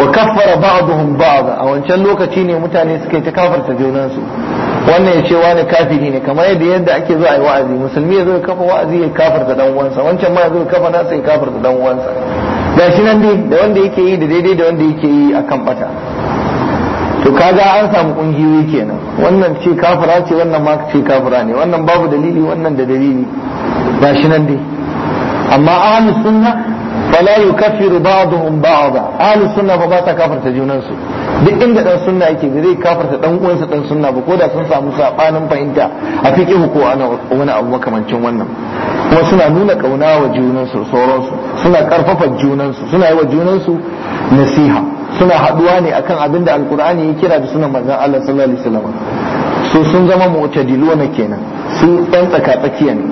[SPEAKER 1] wa kaffara ba'dhum ba'd a wancan lokaci ne mutane suka yi ta kafarta su wannan ya ce wani kafiri ne kamar yadda yadda ake zuwa yi wa'azi musulmi ya zo ya kafa wa'azi ya kafarta dan uwansa wancan ma ya zo ya kafa nasa ya kafarta dan uwansa gashi nan dai da wanda yake yi da daidai da wanda yake yi akan bata to kaga an samu kungiyoyi kenan wannan ce kafira ce wannan ma ce kafira ne wannan babu dalili wannan da dalili gashi nan dai amma ahlus sunna ولا يكفر بعضهم بعضا ahlus sunna ba ba ta kafarta junansu duk inda dan sunna yake zai kafarta dan uwansa dan sunna ba ko da sun samu sabanin fahimta a fiqh ko ana wani abu makamancin wannan kuma suna nuna kauna wa junan su sauran su suna karfafa junan su suna yi wa junan su nasiha suna haduwa ne akan abinda da alqur'ani ya kira da sunan manzon Allah sallallahu alaihi wasallam so sun zama mu'tadiluna kenan su yan tsaka tsakiya ne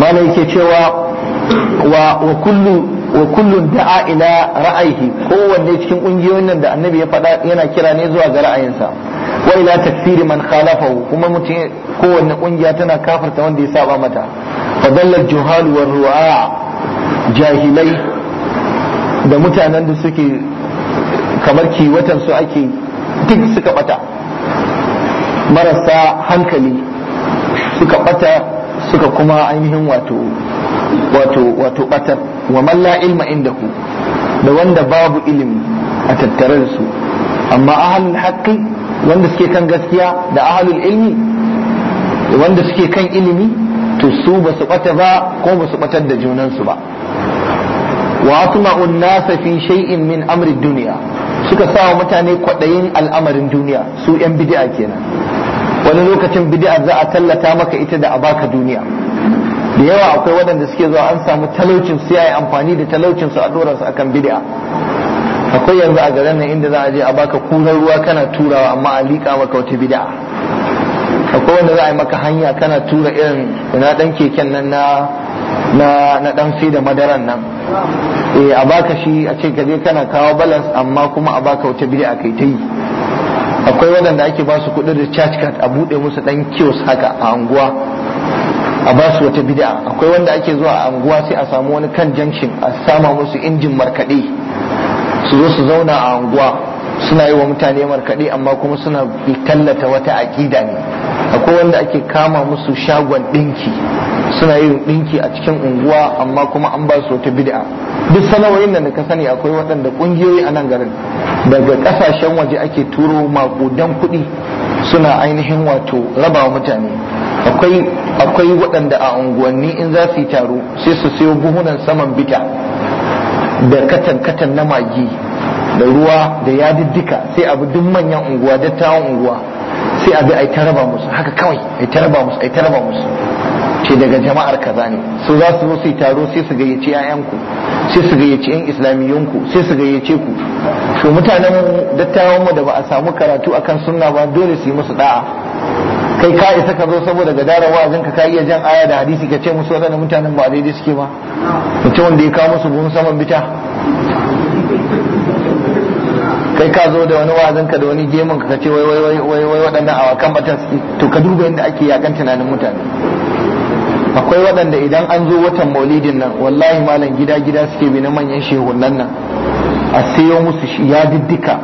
[SPEAKER 1] malai yake cewa wa kullun da wa da'a ila kowanne cikin kungiyoyin nan da annabi ya faɗa yana kira ne zuwa ga ra'ayinsa wa ila takfiri man khalafahu kuma mutum kowanne kungiya tana kafarta wanda ya saba mata fa dallal juhal wa ru'a jahilai da mutanen da suke kamar kiwatan su ake duk suka bata marasa hankali suka bata suka kuma ainihin wato wato wato batar wa man la ilma ku. da wanda babu ilimi a tattare da su amma ahlul haqqi wanda suke kan gaskiya da ahlul ilmi wanda suke kan ilimi to su ba su bata ba ko ba su batar da junansu ba wa atma'un nasa fi shay'in min amri dunya suka sa mutane kwadayin al'amarin duniya su yan bid'a kenan wani lokacin bidi'a za a tallata maka ita da a baka duniya da yawa akwai waɗanda suke zuwa an samu talaucin su yayi amfani da talaucin su a dora su akan bid'a akwai yanzu a garin nan inda za a je a baka kurar ruwa kana turawa amma a liƙa maka wata bid'a akwai wanda za a yi maka hanya kana tura irin ina dan keken nan na na na dan sai da madaran nan eh a baka shi a ce kaje kana kawo balance amma kuma a baka wata bid'a kai ta yi akwai waɗanda ake ba su da church card a buɗe musu ɗan kiosk haka a anguwa a ba su wata bid'a akwai wanda ake zuwa a anguwa sai a samu wani kan junction a sama musu injin markaɗe su zo su zauna a anguwa suna yi wa mutane markaɗe amma kuma suna tallata wata aƙida ne akwai wanda ake kama musu shagon ɗinki suna yin ɗinki a cikin unguwa amma kuma an ba su wata bid'a duk sanawoyin da ka sani akwai waɗanda ƙungiyoyi a nan garin daga ƙasashen waje ake turo maƙudan kuɗi suna ainihin wato raba wa mutane akwai waɗanda a unguwanni in za su yi taro sai su sayo buhunan saman bita da katan katan na magi da ruwa da yadiddika sai abu duk manyan unguwa dattawan unguwa sai abi ai ta raba musu haka kawai ai raba musu raba musu ce daga jama'ar kaza ne su za su zo su taro sai su gayyace 'ya'yanku sai su gayyace 'yan islamiyyanku sai su gayyace ku to mutanen dattawan mu da ba a samu karatu akan sunna ba dole su yi musu da'a kai ka isa ka zo saboda gadarar wa'azin ka iya jan aya da hadisi ka ce musu wannan mutanen ba daidai suke ba mutumin wanda ya kawo musu buhun saman bita kai ka zo da wani wazan ka da wani gemun ka ce wai wai wai wai wadannan awakan matan to ka duba yadda ake yakan tunanin mutane akwai waɗanda idan an zo watan maulidin nan wallahi malam gida gida suke bi na manyan shehunan nan a sayo musu ya diddika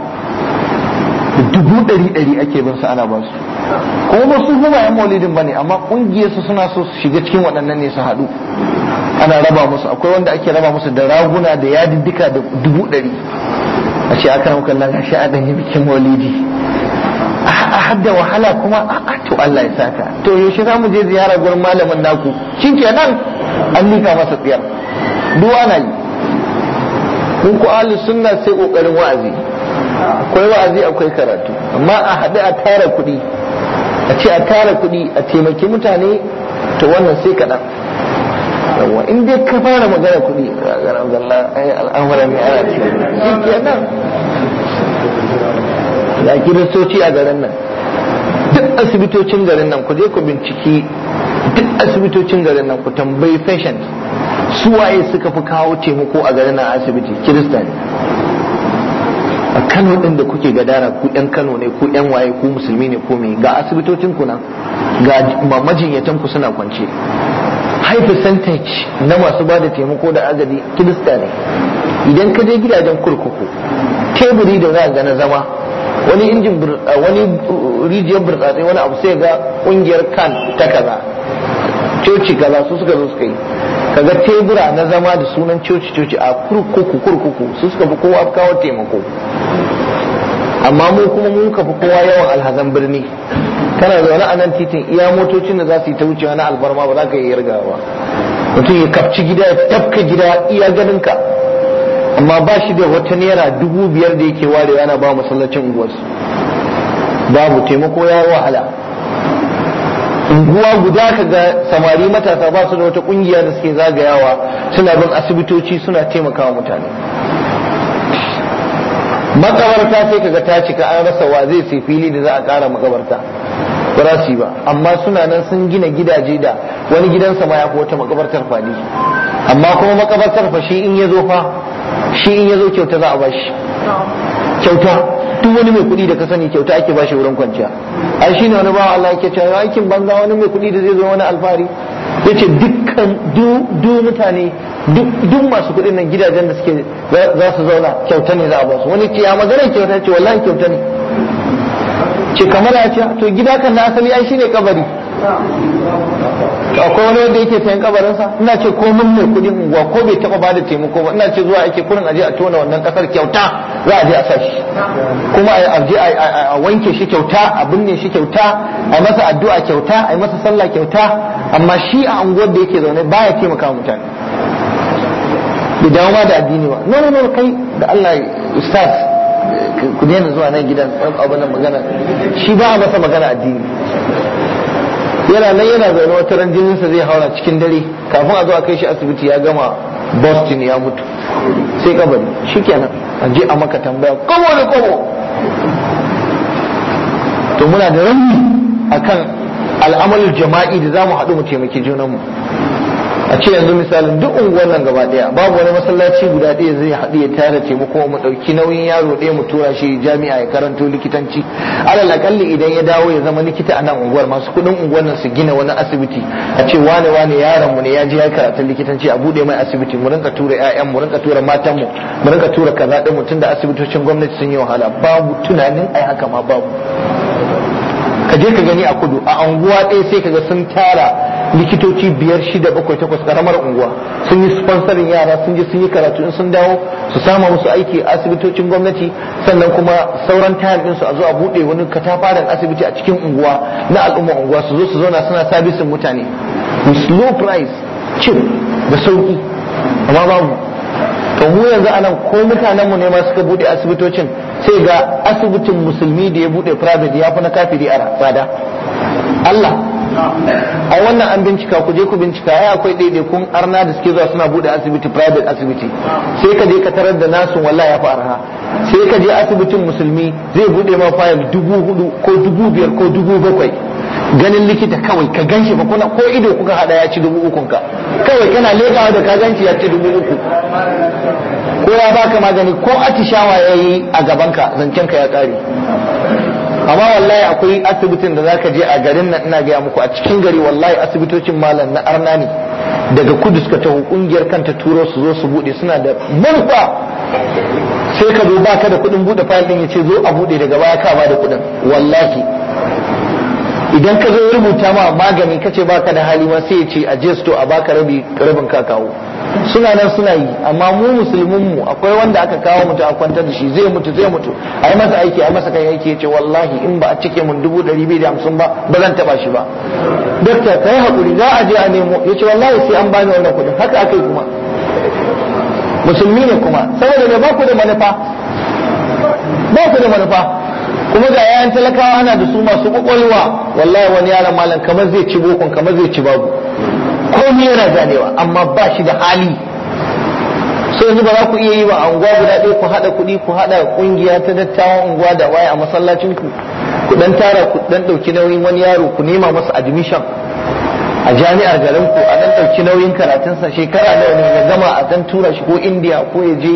[SPEAKER 1] dubu ɗari ɗari ake bin su ana basu su kuma ba su kuma yan maulidin ba ne amma ƙungiyarsu suna so su shiga cikin waɗannan ne su haɗu ana raba musu akwai wanda ake raba musu da raguna da ya diddika da dubu ɗari a ce aka ramukan nan shi a ɗanyi bikin maulidi a'a da wahala kuma a'a to Allah ya saka to yaushe za mu je ziyara gurin malamin naku shin kenan an nika masa tsiyar duwa na yi kun ku ahlus sunna sai kokarin wa'azi akwai wa'azi akwai karatu amma a haɗu a tara kuɗi a ce a tara kuɗi a taimaki mutane to wannan sai kaɗan yawa in dai ka fara magana kuɗi a garin zalla ai al'amuran mai ana ce shi kenan ya kiristoci a garin nan duk asibitocin garin nan ku je ku binciki duk asibitocin garin nan ku tambayi patient su waye suka fi kawo taimako a garin nan asibiti kirista ne a kano din da kuke gadara ku yan kano ne ku yan waye ku musulmi ne ko me ga asibitocin ku nan ga ya ku suna kwance high percentage na masu ba da taimako da agaji kirista ne idan ka je gidajen kurkuku teburi da za ga na zama wani injin wani rijiyar burtsatse wani abu sai ga kungiyar kan ta kaza coci kaza su suka zo suka yi kaga tebura na zama da sunan coci coci a kurkuku kurkuku su suka fi kowa kawo taimako amma mu kuma mun kafa kowa yawan alhazan birni kana zaune a nan titin iya motocin da za su yi ta wucewa na albarma ba za ka yi yarga ba mutum ya kafci gida ya tafka gida iya ganinka amma ba shi da wata naira dubu biyar da yake ware yana ba masallacin unguwarsu babu taimako ya wahala unguwa guda ka ga samari matasa ba su da wata kungiya da suke zagayawa suna bin asibitoci suna taimakawa mutane makabarta sai kaga ta cika an rasa wa zai sai fili da za a kara makabarta ba su ba amma suna nan sun gina gidaje da wani gidan ma ya fi wata makabartar fadi amma kuma makabartar fa shi in ya zo fa shi in ya zo kyauta za a ba shi kyauta duk wani mai kuɗi da ka sani kyauta ake ba shi wurin kwanciya ai shi ne wani bawa Allah yake cewa aikin banza wani mai kuɗi da zai zo wani alfahari yace dukkan du mutane duk masu kuɗin nan gidajen da suke za su zauna kyauta ne za a ba su wani ce ya magana kyauta ce wallahi kyauta ne ce kamar ya ce to gida kan na asali ai shine kabari akwai wani wanda yake sayan kabarinsa ina ce ko mun mai kuɗi unguwa ko bai taɓa bada taimako ba ina ce zuwa ake kurin aje a tona wannan kasar kyauta za a je a sa shi kuma a je a wanke shi kyauta a binne shi kyauta a masa addu'a kyauta a masa sallah kyauta amma shi a unguwar da yake zaune baya taimaka mutane bai dawo da addini ba no no no kai da Allah ustaz ku daina zuwa nan gidan abin magana shi ba a masa magana addini yana nan yana zaune wata ran jininsa zai haura cikin dare kafin a zo a kai shi asibiti ya gama boston ya mutu sai kabari shikenan a je a maka tambaya
[SPEAKER 2] kwamo da kwamo
[SPEAKER 1] to muna da rauni akan al'amalul jama'i da zamu haɗu mu taimaki junanmu a ce yanzu misalin duk unguwannin gaba daya babu wani masallaci guda ɗaya zai haɗu ya tare taimako mu ɗauki nauyin yaro ɗaya mu tura shi jami'a ya karanto likitanci alal akalli idan ya dawo ya zama likita a nan unguwar masu kuɗin unguwannin su gina wani asibiti a ce wane wane yaron mu ne ya je ya karanta likitanci a buɗe mai asibiti mu rinka tura ƴaƴan mu rinka tura matan mu mu rinka tura kaza ɗin mu tunda asibitocin gwamnati sun yi wahala babu tunanin ai haka ma babu ka je ka gani a kudu a unguwa ɗaya sai ka ga sun tara likitoci biyar shida bakwai takwas karamar unguwa sun yi sponsorin yara sun je sun yi karatu in sun dawo su sama musu aiki a asibitocin gwamnati sannan kuma sauran tayar din su a zo a buɗe wani katafaren asibiti a cikin unguwa na al'umma unguwa su zo su zauna suna sabisin mutane with low price cheap da sauki amma babu to mu yanzu anan ko mutanen mu ne ma suka buɗe asibitocin sai ga asibitin musulmi da ya bude private ya fi na kafiri a rafada Allah a wannan an bincika ku je ku bincika ya akwai kun arna da suke zuwa suna bude asibiti private asibiti sai ka je ka tarar da nasu wallahi ya fi arha sai ka je asibitin musulmi zai bude ma fayil dubu hudu ko dubu biyar ko dubu bakwai ganin likita kawai ka ganshi ba kuna ko ido kuka hada ya ci dubu ukunka kawai kana lekawa da ka ganshi ya ci dubu uku ko ya baka magani ko atishawa ya yi a gabanka zancenka ya kare amma wallahi akwai asibitin da zaka je a garin nan ina gaya muku a cikin gari wallahi asibitocin malam na arna ne daga kudu suka taho kungiyar kanta turo su zo su bude suna da manufa sai ka zo baka da kudin bude fayil din yace zo a bude daga baya ka ba da kudin wallahi idan ka zo rubuta ma magani kace baka da hali ma sai ce a jesto a baka rabi rabin ka kawo suna nan suna yi amma mu musulmin mu akwai wanda aka kawo mutu a kwantar da shi zai mutu zai mutu a yi masa aiki a masa kai aiki ya ce wallahi in ba a cike mun dubu ɗari biyu da hamsin ba ba zan taɓa shi ba dakta ka yi haƙuri za a je a nemo ya ce wallahi sai an bani wannan kuɗin haka akai kuma musulmi ne kuma saboda ne ba ku da manufa ba ku da manufa kuma ga yayan talakawa ana da su masu kwakwalwa wallahi wani yaron malam kamar zai ci bokon kamar zai ci babu komai yana zanewa amma ba shi da hali sai yanzu ba za ku iya yi ba unguwa guda ɗaya ku haɗa kuɗi ku haɗa ƙungiya ta dattawan unguwa da waya a masallacin ku ku dan tara ku dan ɗauki nauyin wani yaro ku nema masa admission
[SPEAKER 2] a jami'ar garin ku
[SPEAKER 1] a nan nauyin karatun sa shekara nawa ne ya gama a dan tura shi ko indiya ko ya je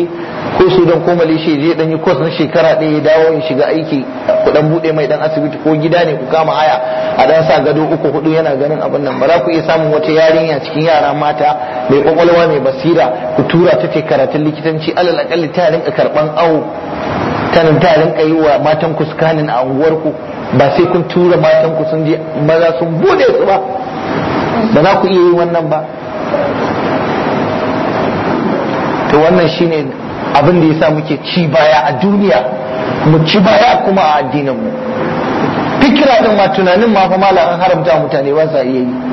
[SPEAKER 1] ko sudan ko malaysia je dan yi kwas na shekara ɗaya ya dawo ya shiga aiki ku dan buɗe mai dan asibiti ko gida ne ku kama haya a dan sa gado uku hudu yana ganin abin nan ba za ku iya samun wata yarinya cikin yara mata mai kwakwalwa mai basira ku tura ta ke karatun likitanci alal akalli ta rinka karban awo tanin ta rinka yi wa matan ku a unguwar ku ba sai kun tura matan ku sun je maza sun bude su ba ba za ku iya yi wannan ba to wannan shine abin da yasa muke ci baya a duniya mu ci baya kuma a addinin mu fikira din ma tunanin ma fa malam haramta mutane ba sa iya yi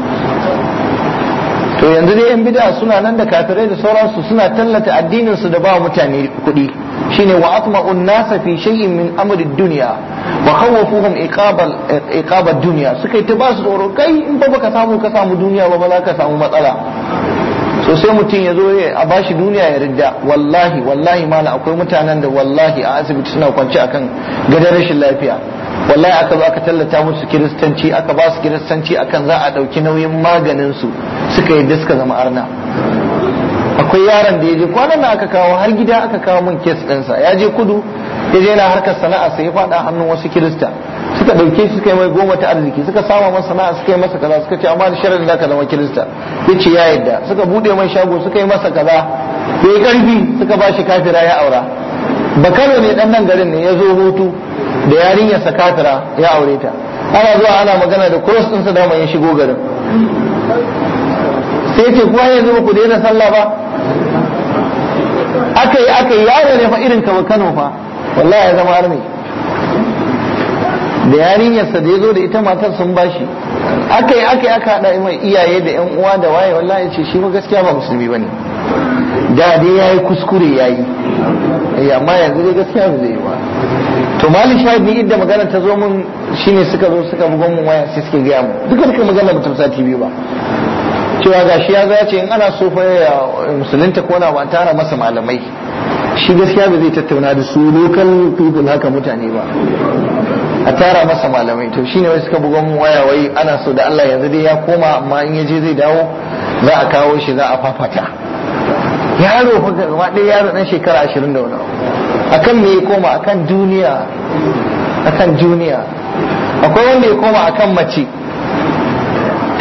[SPEAKER 1] to yanzu dai yan bid'a suna nan da kafirai da sauransu suna tallata addinin su da ba mutane kuɗi shine wa atma'u an nasa fi shay'in min amri dunya wa khawwafuhum iqabal iqabad dunya suka ta ba su tsoro kai in ba baka samu ka samu duniya ba ba za ka samu matsala so sai mutum ya zo a bashi duniya ya ridda wallahi wallahi mala akwai mutanen da wallahi a asibiti suna kwance akan gadar rashin lafiya wallahi aka zo aka tallata musu kiristanci aka ba su kiristanci akan za a ɗauki nauyin maganin su suka yi diska zama arna akwai yaron da ya je kwanan da aka kawo har gida aka kawo min kes ɗinsa ya je kudu ya je yana harkar sana'a sai ya faɗa hannun wasu kirista suka ɗauke shi suka yi mai goma ta arziki suka sama masa sana'a suka yi masa kaza suka ce amma da sharadin zaka zama kirista ya ce ya yadda suka buɗe mai shago suka yi masa kaza ya yi ƙarfi suka ba shi kafira ya aura bakano ne dan nan garin ne ya zo hutu da yarinyar sa katira ya aure ta ana zuwa ana magana da cross din sa da ya shigo garin sai ce kuma yanzu ku daina sallah ba aka yi yaro ne fa irin kamar Kano fa wallahi ya zama arme da sa da yazo da ita matar sun bashi aka yi aka hada haɗa mai iyaye da yan uwa da waye wallahi ya ce shi ma gaskiya ba musulmi bane da dai yayi kuskure yayi eh, amma yanzu dai gaskiya ba zai yi ba to malin shahid ni inda magana ta zo mun shine suka zo suka bugon mun waya sai suke gaya mu duka duka magana ba ta sa TV ba cewa gashi ya zo ce in ana so fa ya musulunta ko na ba tara masa malamai shi gaskiya ba zai tattauna da su local people haka mutane ba a tara masa malamai to shine wai suka bugon mun waya wai ana so da Allah yanzu dai ya koma amma in yaje zai dawo za a kawo shi za a fafata yaro fa gaba ɗaya yaro dan shekara 20 da wani akan me ya koma akan duniya akan duniya akwai wanda ya koma akan mace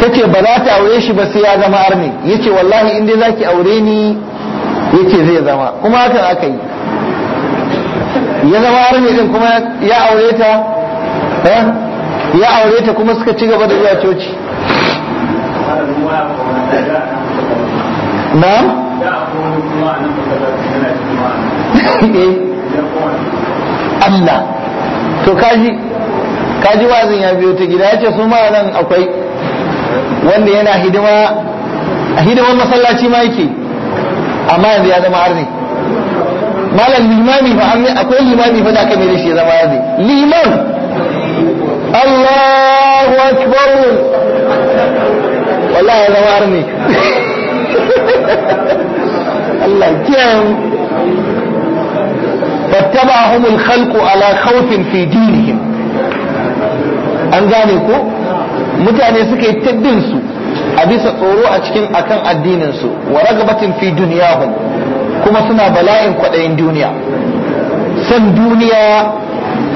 [SPEAKER 1] ta ce ba za ta aure shi ba sai ya zama arni ya ce wallahi inda za ki aure ni ya ce zai zama kuma hakan aka yi ya zama arni din kuma ya aure ta ya aure ta kuma suka ci gaba da zuwa coci na? Allah to kaji kaji wazin ya biyo ta gida ya ce su ma nan akwai wanda yana hidima a hidiman masallaci ma yake amma yanzu ya zama arzi malam limami fa amma akwai limami fa da aka mai da shi ya zama arzi liman
[SPEAKER 2] Allahu akbar wallahi ya zama arzi Allah kiyaye
[SPEAKER 1] wattaba'ahum al-khalqu ala khawfin an gane ko mutane suka yi tabbin su a bisa tsoro a cikin akan addinin su wa ragabatin fi dunyahum kuma suna bala'in kwaɗayin duniya san duniya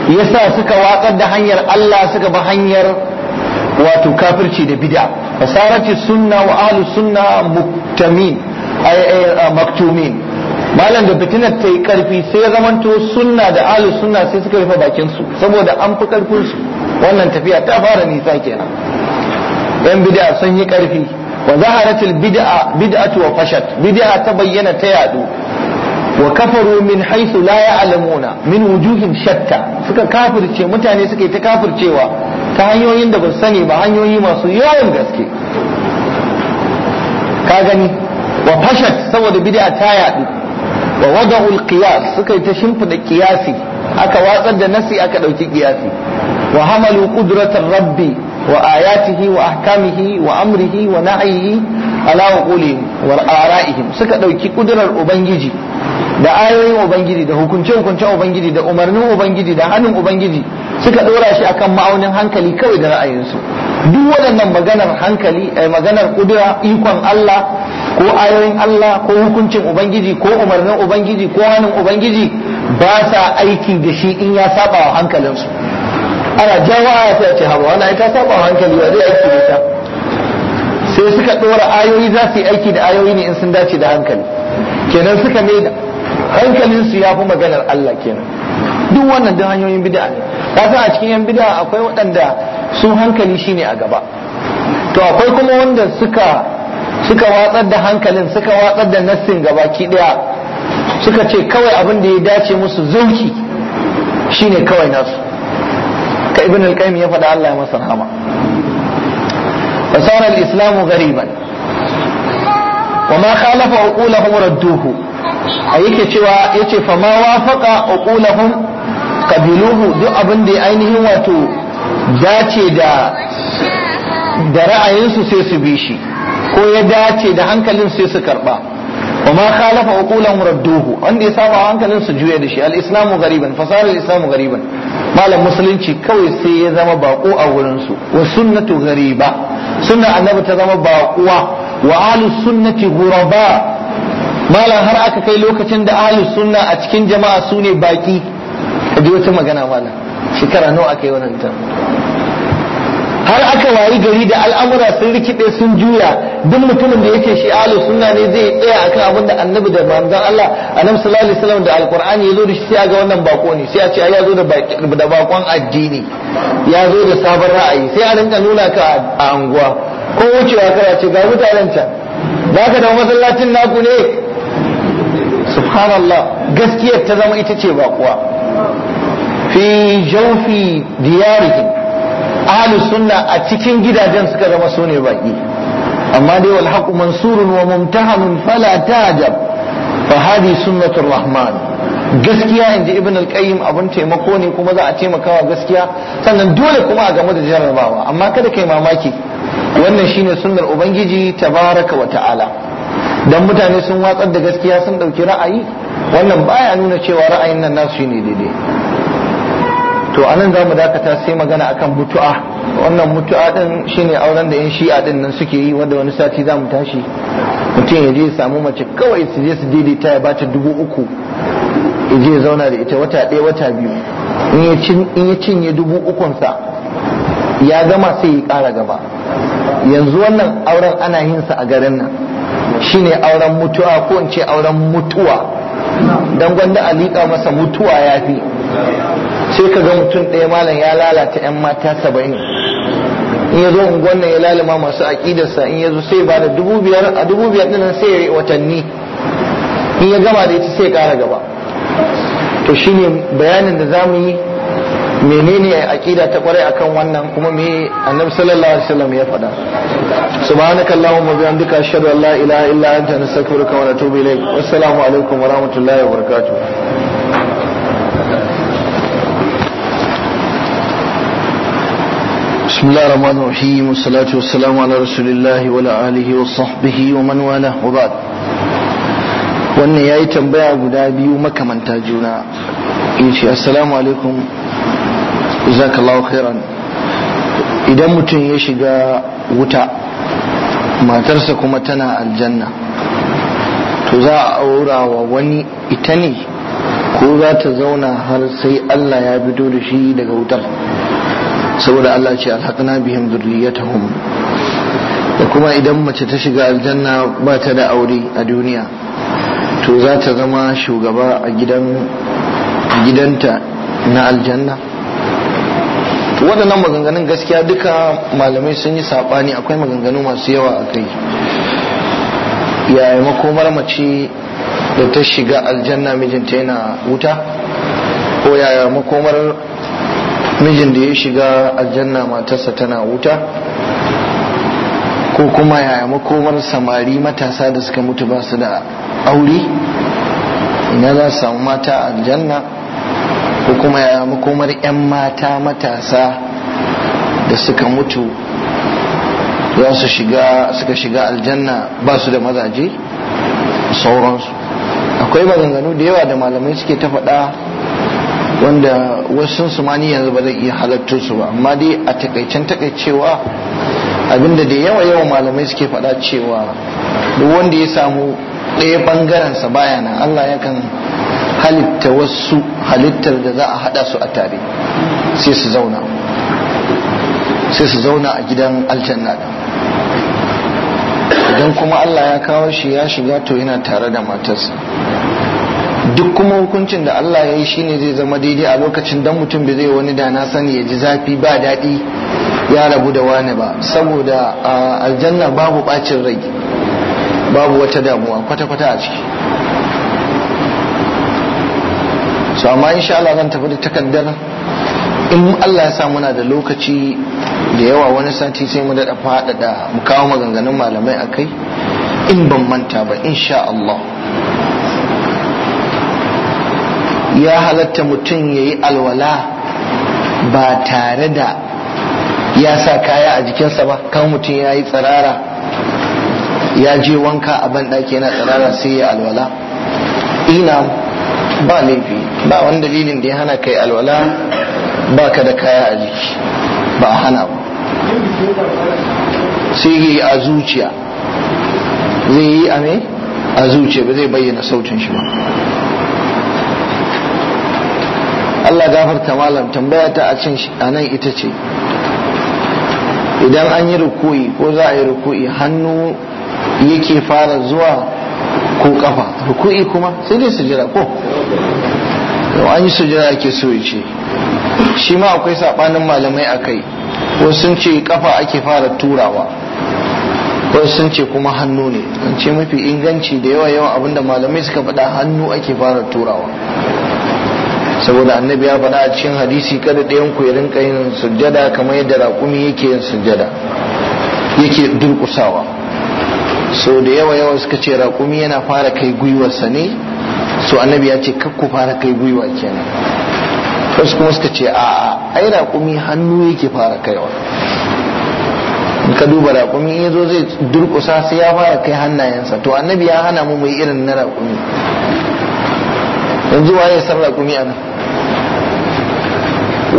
[SPEAKER 1] yasa suka watsar da hanyar Allah suka ba hanyar wato kafirci da bid'a fasarati sunna wa ahlus sunna muktamin ay maktumin malam da fitinar ta yi karfi sai ya zamanto sunna da alu sunna sai suka rufe bakin su saboda an fi karfin su wannan tafiya ta fara nisa kenan yan bid'a sun yi karfi wa zaharatul bid'a bid'atu wa fashat bid'a ta bayyana ta yadu wa kafaru min haythu la ya'lamuna min wujuhin shatta suka kafirce mutane suka ta kafircewa ta hanyoyin da ba sani ba hanyoyi masu yawan gaske ka gani wa fashat saboda bid'a ta yadu wa wada'ul qiyas suka yi ta shimfida kiyasi aka watsar da nasi aka ɗauki kiyasi wa hamalu qudratar rabbi wa ayatihi wa ahkamihi wa amrihi wa na'ihi ala uqulihim wa ara'ihim suka ɗauki kudurar ubangiji da ayoyin ubangiji da hukunce hukunce ubangiji da umarnin ubangiji da hannun ubangiji suka dora shi akan ma'aunin hankali kawai da ra'ayinsu duk waɗannan maganar hankali eh, maganar kudura ikon Allah ko ayoyin Allah ko hukuncin ubangiji ko umarnin ubangiji ko hannun ubangiji ba sa aiki da shi in ya saba wa hankalinsu ana jawo ya ta ce hawa wannan ita saba wa hankali ba zai aiki da ita sai suka ɗora ayoyi za su yi aiki da ayoyi ne in sun dace da hankali kenan suka mai da hankalinsu ya fi maganar Allah kenan duk wannan duk hanyoyin bid'a ne kasa a cikin yan bida akwai waɗanda su hankali shi ne a gaba to akwai kuma wanda suka suka watsar da hankalin suka watsar da nassin gabaki daya suka ce kawai abin da ya dace musu zauki shine kawai nasu ka ibn al-qayyim ya faɗa Allah ya masa rahama fasara al-islam ghariban wa ma khalafa uqulahum radduhu a yake cewa yace fa ma wafaqa uqulahum qabiluhu duk abin da ainihin wato dace da da ra'ayinsu sai su bi shi ko ya dace da hankalin sai su karba wa ma khalafa uqulan radduhu wanda ya saba hankalin su juya da shi al-islamu ghariban fasara al-islamu ghariban malam musulunci kawai sai ya zama bako a wurin su wa sunnatu ghariba sunna annabi ta zama bakuwa wa ahli sunnati ghuraba malam har aka kai lokacin da ahli sunna a cikin jama'a su ne baki ka wata magana mana shekara nawa aka yi wannan ta har aka wayi gari da al'amura sun rikide sun juya duk mutumin da yake shi ahlu sunna ne zai tsaya akan abin da annabi da manzon Allah annabi sallallahu alaihi wasallam da alqur'ani ya zo da shi sai ga wannan bako ne sai a ce ya zo da da bakon addini ya zo da sabon ra'ayi sai a rinka nuna ka a anguwa ko wucewa kaya ce ga mutanen can ka da masallacin naku ne subhanallah gaskiyar ta zama ita ce bakuwa fi jawfi diyarihim ahlus sunna a cikin gidajen suka zama sune baki amma dai wal haqu mansurun wa mumtahanun fala tajab fa hadi sunnatur rahman gaskiya inji ibn al-qayyim abun taimako ne kuma za a taimakawa gaskiya sannan dole kuma a game da jarrabawa amma kada kai mamaki wannan shine sunnar ubangiji tabaraka wa ta'ala dan mutane sun watsar da gaskiya sun dauki ra'ayi wannan baya nuna cewa ra'ayin nan nasu shine daidai to anan za mu dakata sai magana akan mutu'a wannan mutu'a din shine auren da yan shi'a din nan suke yi wanda wani sati za mu tashi mutum ya je ya samu mace kawai su je su daidaita ya bata dubu uku ya je ya zauna da ita wata ɗaya wata biyu in ya cinye dubu ukunsa ya gama sai ya kara gaba yanzu wannan auren ana yin sa a garin nan shine auren mutu'a ko in ce auren mutuwa dan gwanda alika masa mutuwa ya fi sai ka ga mutum ɗaya malam ya lalata 'yan mata saba'in in ya zo unguwan ya lalima masu aƙidarsa in ya zo sai ba da dubu biyar a dubu biyar ɗin sai ya yi watanni in ya gama da ita sai ƙara gaba to shi ne bayanin da za mu yi menene aƙida ta kwarai akan wannan kuma me annabi sallallahu alaihi wasallam ya faɗa subhanaka allahumma duka ashhadu an la ilaha illa anta nastaghfiruka wa natubu ilaik wassalamu alaikum wa rahmatullahi wa barakatuh بسم الله الرحمن الرحيم والصلاة والسلام على رسول الله وعلى آله وصحبه ومن والاه وبعد wannan yayi tambaya guda biyu makamanta juna yace assalamu alaikum jazakallahu khairan idan mutum ya shiga wuta matarsa kuma tana aljanna to za a aura wa wani ita ne ko za ta zauna har sai Allah ya fito da shi daga wutar saboda Allah ce alhaqna bihim dhurriyyatahum da kuma idan mace ta shiga aljanna ba ta da aure a duniya to za ta zama shugaba a gidanta na aljanna waɗannan maganganun gaskiya duka malamai sun yi saɓani akwai maganganu masu yawa a kai yaya makomar mace da ta shiga aljanna mijinta yana wuta ko yaya makomar mijin da ya shiga aljanna matarsa tana wuta ko kuma yaya makomar samari matasa da suka mutu ba su da aure ina za su samu mata aljanna ko kuma yaya makomar 'yan mata matasa da suka mutu za su shiga suka shiga aljanna ba su da mazaje sauransu akwai maganganu da yawa da malamai suke ta faɗa wanda wasu su mani yanzu ba zai iya halatto su ba amma dai a takaicen takaicewa abinda da yawa yawa malamai suke faɗa cewa duk wanda ya samu ɗaya bangaren sa baya nan Allah yakan halitta wasu halittar da za a haɗa su a tare sai su zauna sai su zauna a gidan aljanna idan kuma Allah ya kawo shi ya shiga to yana tare da matarsa duk kuma hukuncin da Allah ya yi shi ne zai zama daidai a lokacin dan mutum bai zai wani da na sani ya ji zafi ba daɗi ya rabu da wani ba saboda a aljanna babu ɓacin rai babu wata damuwa kwata-kwata a ciki su amma sha Allah zan tafi da takaddar in Allah ya sa muna da lokaci da yawa wani sati sai mu daɗa faɗaɗa mu kawo maganganun malamai a kai in ban manta ba insha Allah ya halatta mutum ya yi alwala ba tare da ya sa kaya a jikinsa ba kan mutum ya yi tsirara ya je wanka a banɗaki yana tsirara sai ya alwala ina ba laifi ba wani dalilin da ya hana kai alwala ba ka da kaya a jiki ba a hana ba sai yi a zuciya zai yi a me a zuciya ba zai bayyana sautin shi ba Allah gafarta malam tambaya ta a can nan ita ce idan an yi ruku'i ko za a yi ruku'i hannu yake fara zuwa ko kafa ruku'i kuma sai dai sujira ko an yi sujira ake so ya ce shi ma akwai sabanin malamai a kai wasu sun ce kafa ake fara turawa wasu sun ce kuma hannu ne an ce mafi inganci da yawa yawan abinda malamai suka faɗa hannu ake fara turawa saboda annabi ya faɗa a cikin hadisi kada ɗayan ku ya rinka yin sujjada kamar yadda raƙumi yake yin sujjada yake durƙusawa so da yawa yawa suka ce raƙumi yana fara kai gwiwarsa ne so annabi ya ce kakku fara kai gwiwa kenan wasu kuma suka ce a ai raƙumi hannu yake fara kaiwa in ka duba raƙumi ya zo zai durƙusa sai ya fara kai hannayensa to annabi ya hana mu mai irin na raƙumi yanzu waye san raƙumi a nan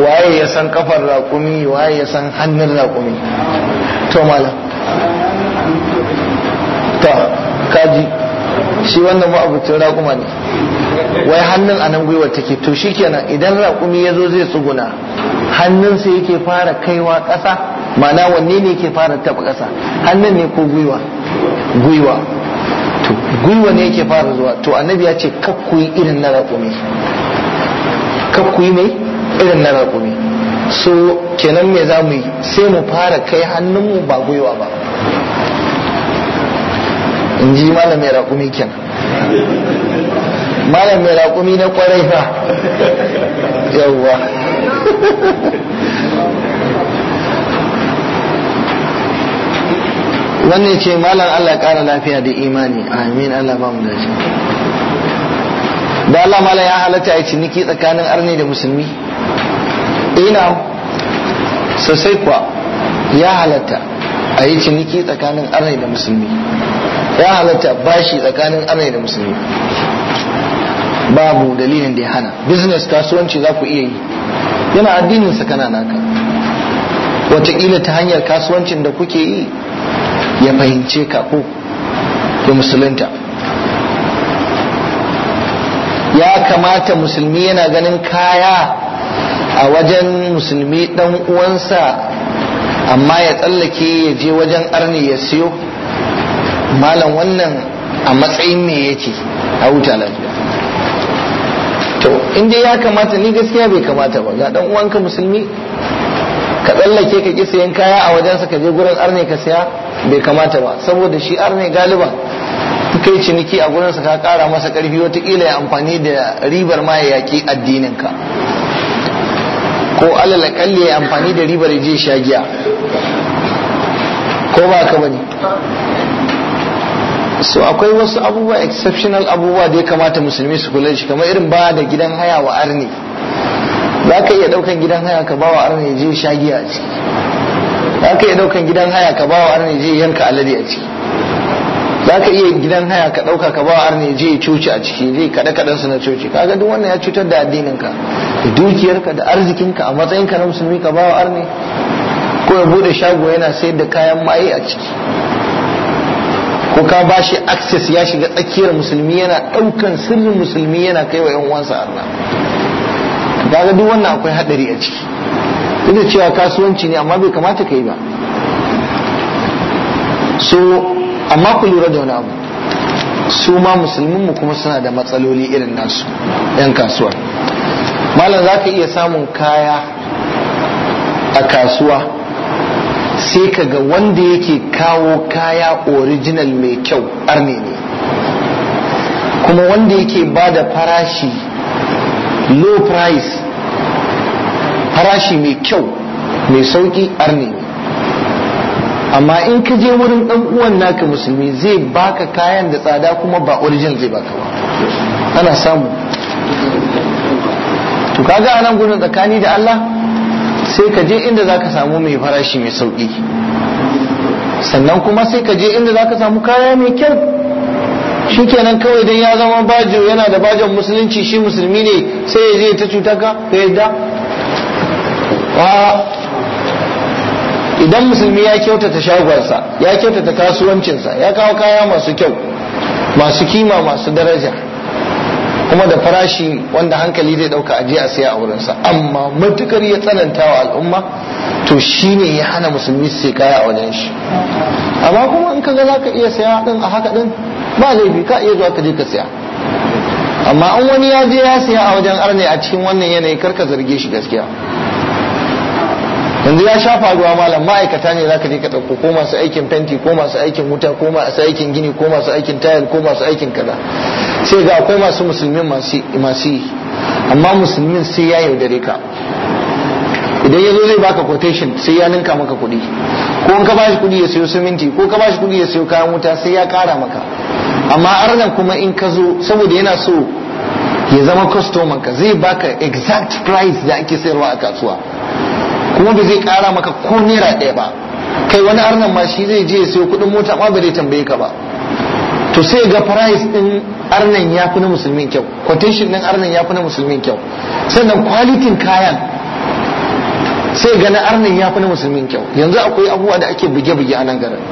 [SPEAKER 1] waye ya san kafar raƙumi waye ya san hannun raƙumi to malam ta kaji shi wannan abincin raƙuma ne wai hannun a nan gwiwar take to shi kenan idan raƙumi ya zo zai tsuguna hannun sai yake fara kaiwa ƙasa mana wanne ne yake fara taɓa ƙasa hannun ne ko gwiwa gwiwa to gwiwa ne yake fara zuwa to annabi ya ce kakkuyi irin na raƙumi kakkuyi mai irin na raƙumi so kenan me za mu yi sai mu fara kai hannunmu ba gwiwa ba in ji malamin raƙumi kenan malamin raƙumi na kwarai ba yauwa wannan ce malar Allah ƙara lafiya da imani amin Allah ba mu dace da Allah malam ya halatta ya ciniki tsakanin arni da musulmi ina sosai kuwa ya halatta a yi ciniki tsakanin arai da musulmi ya halatta bashi tsakanin arai da musulmi babu dalilin da ya hana business kasuwanci za ku iya yi yana addinin kana naka wataƙila ta hanyar kasuwancin da kuke yi ya fahimce ka ko ya musulunta ya kamata musulmi yana ganin kaya a wajen musulmi dan uwansa amma ya tsallake ya je wajen arni ya siyo malam wannan a matsayin ne yake a wuta lafiya to inda ya kamata ni gaskiya bai kamata ba ga dan uwanka musulmi ka tsallake ka ki sayan kaya a wajensa ka je gurin arne ka siya bai kamata ba saboda shi arne galiba kai ciniki a gurinsa ka kara masa karfi watakila ya amfani da ribar ma ya yaki addinin ka ko alal akalli ya amfani da ribar je sha giya ko ba ka bane so akwai wasu abubuwa exceptional abubuwa da ya kamata musulmi su kula shi kamar irin ba da gidan haya wa arni za ka iya daukan gidan haya ka bawa arni je sha giya a ciki za ka iya daukan gidan haya ka bawa arni je yanka alade a ciki za ka iya gidan haya ka ɗauka ka ba arni je cuci a ciki zai kaɗe kaɗan su na cuci kaga duk wannan ya cutar da addininka da dukiyarka da arzikinka a matsayinka na musulmi ka ba arni ko ya bude shago yana sayar da kayan maye a ciki ko ka ba shi access ya shiga tsakiyar musulmi yana ɗaukan sirrin musulmi yana kai wa yan uwansa arna kaga duk wannan akwai haɗari a ciki duk da cewa kasuwanci ne amma bai kamata ka yi ba so amma ku lura da wani abu su ma musulmin mu kuma suna da matsaloli irin nasu yan kasuwa malam za ka iya samun kaya a kasuwa sai ka ga wanda yake kawo kaya original mai kyau arne ne kuma wanda yake ba da farashi low price farashi mai kyau mai sauki arne ne amma in ka je wurin dan uwan naka musulmi zai baka kayan da tsada kuma ba original zai baka ba ana samu to kaga anan gurin tsakani da Allah sai ka je inda zaka samu mai farashi mai sauki sannan kuma sai ka je inda zaka samu kaya mai kyau shi shikenan kawai dan ya zama bajo yana da bajon musulunci shi musulmi ne sai ya je ta cuta ka ka idan musulmi ya kyautata shagonsa ya kyautata kasuwancinsa ya kawo kaya masu kyau masu kima masu daraja kuma da farashi wanda hankali zai dauka aje a saya a wurinsa amma matukar ya tsananta wa al'umma to shine ya hana musulmi su sai kaya a wajen shi amma kuma in ka ga zaka iya saya din a haka din ba laifi ka iya zuwa ka je ka saya amma an wani ya je ya saya a wajen arne a cikin wannan yanayi karka zarge shi gaskiya yanzu ya shafa ruwa malam ma'aikata ne ka je ka ɗauko ko masu aikin fenti ko masu aikin wuta ko masu aikin gini ko masu aikin tayar ko masu aikin kaza sai ga akwai masu musulmin masu yi amma musulmin sai ya yaudare ka idan ya zo zai baka quotation sai ya ninka maka kuɗi ko in ka bashi kuɗi ya sayo siminti ko ka bashi kuɗi ya sayo kayan wuta sai ya ƙara maka amma arnan kuma in ka zo saboda yana so ya zama customer ka zai baka exact price da ake sayarwa a kasuwa kuma ba zai kara maka ko naira ɗaya ba kai wani arnan ma shi zai je ya sayo kuɗin mota ma ba zai tambaye ka ba to sai ga price din arnan ya fi na musulmin kyau quotation din arnan ya fi na musulmin kyau sannan quality kayan sai ga na arnan ya fi na musulmin kyau yanzu akwai abubuwa da ake buge-buge a nan garin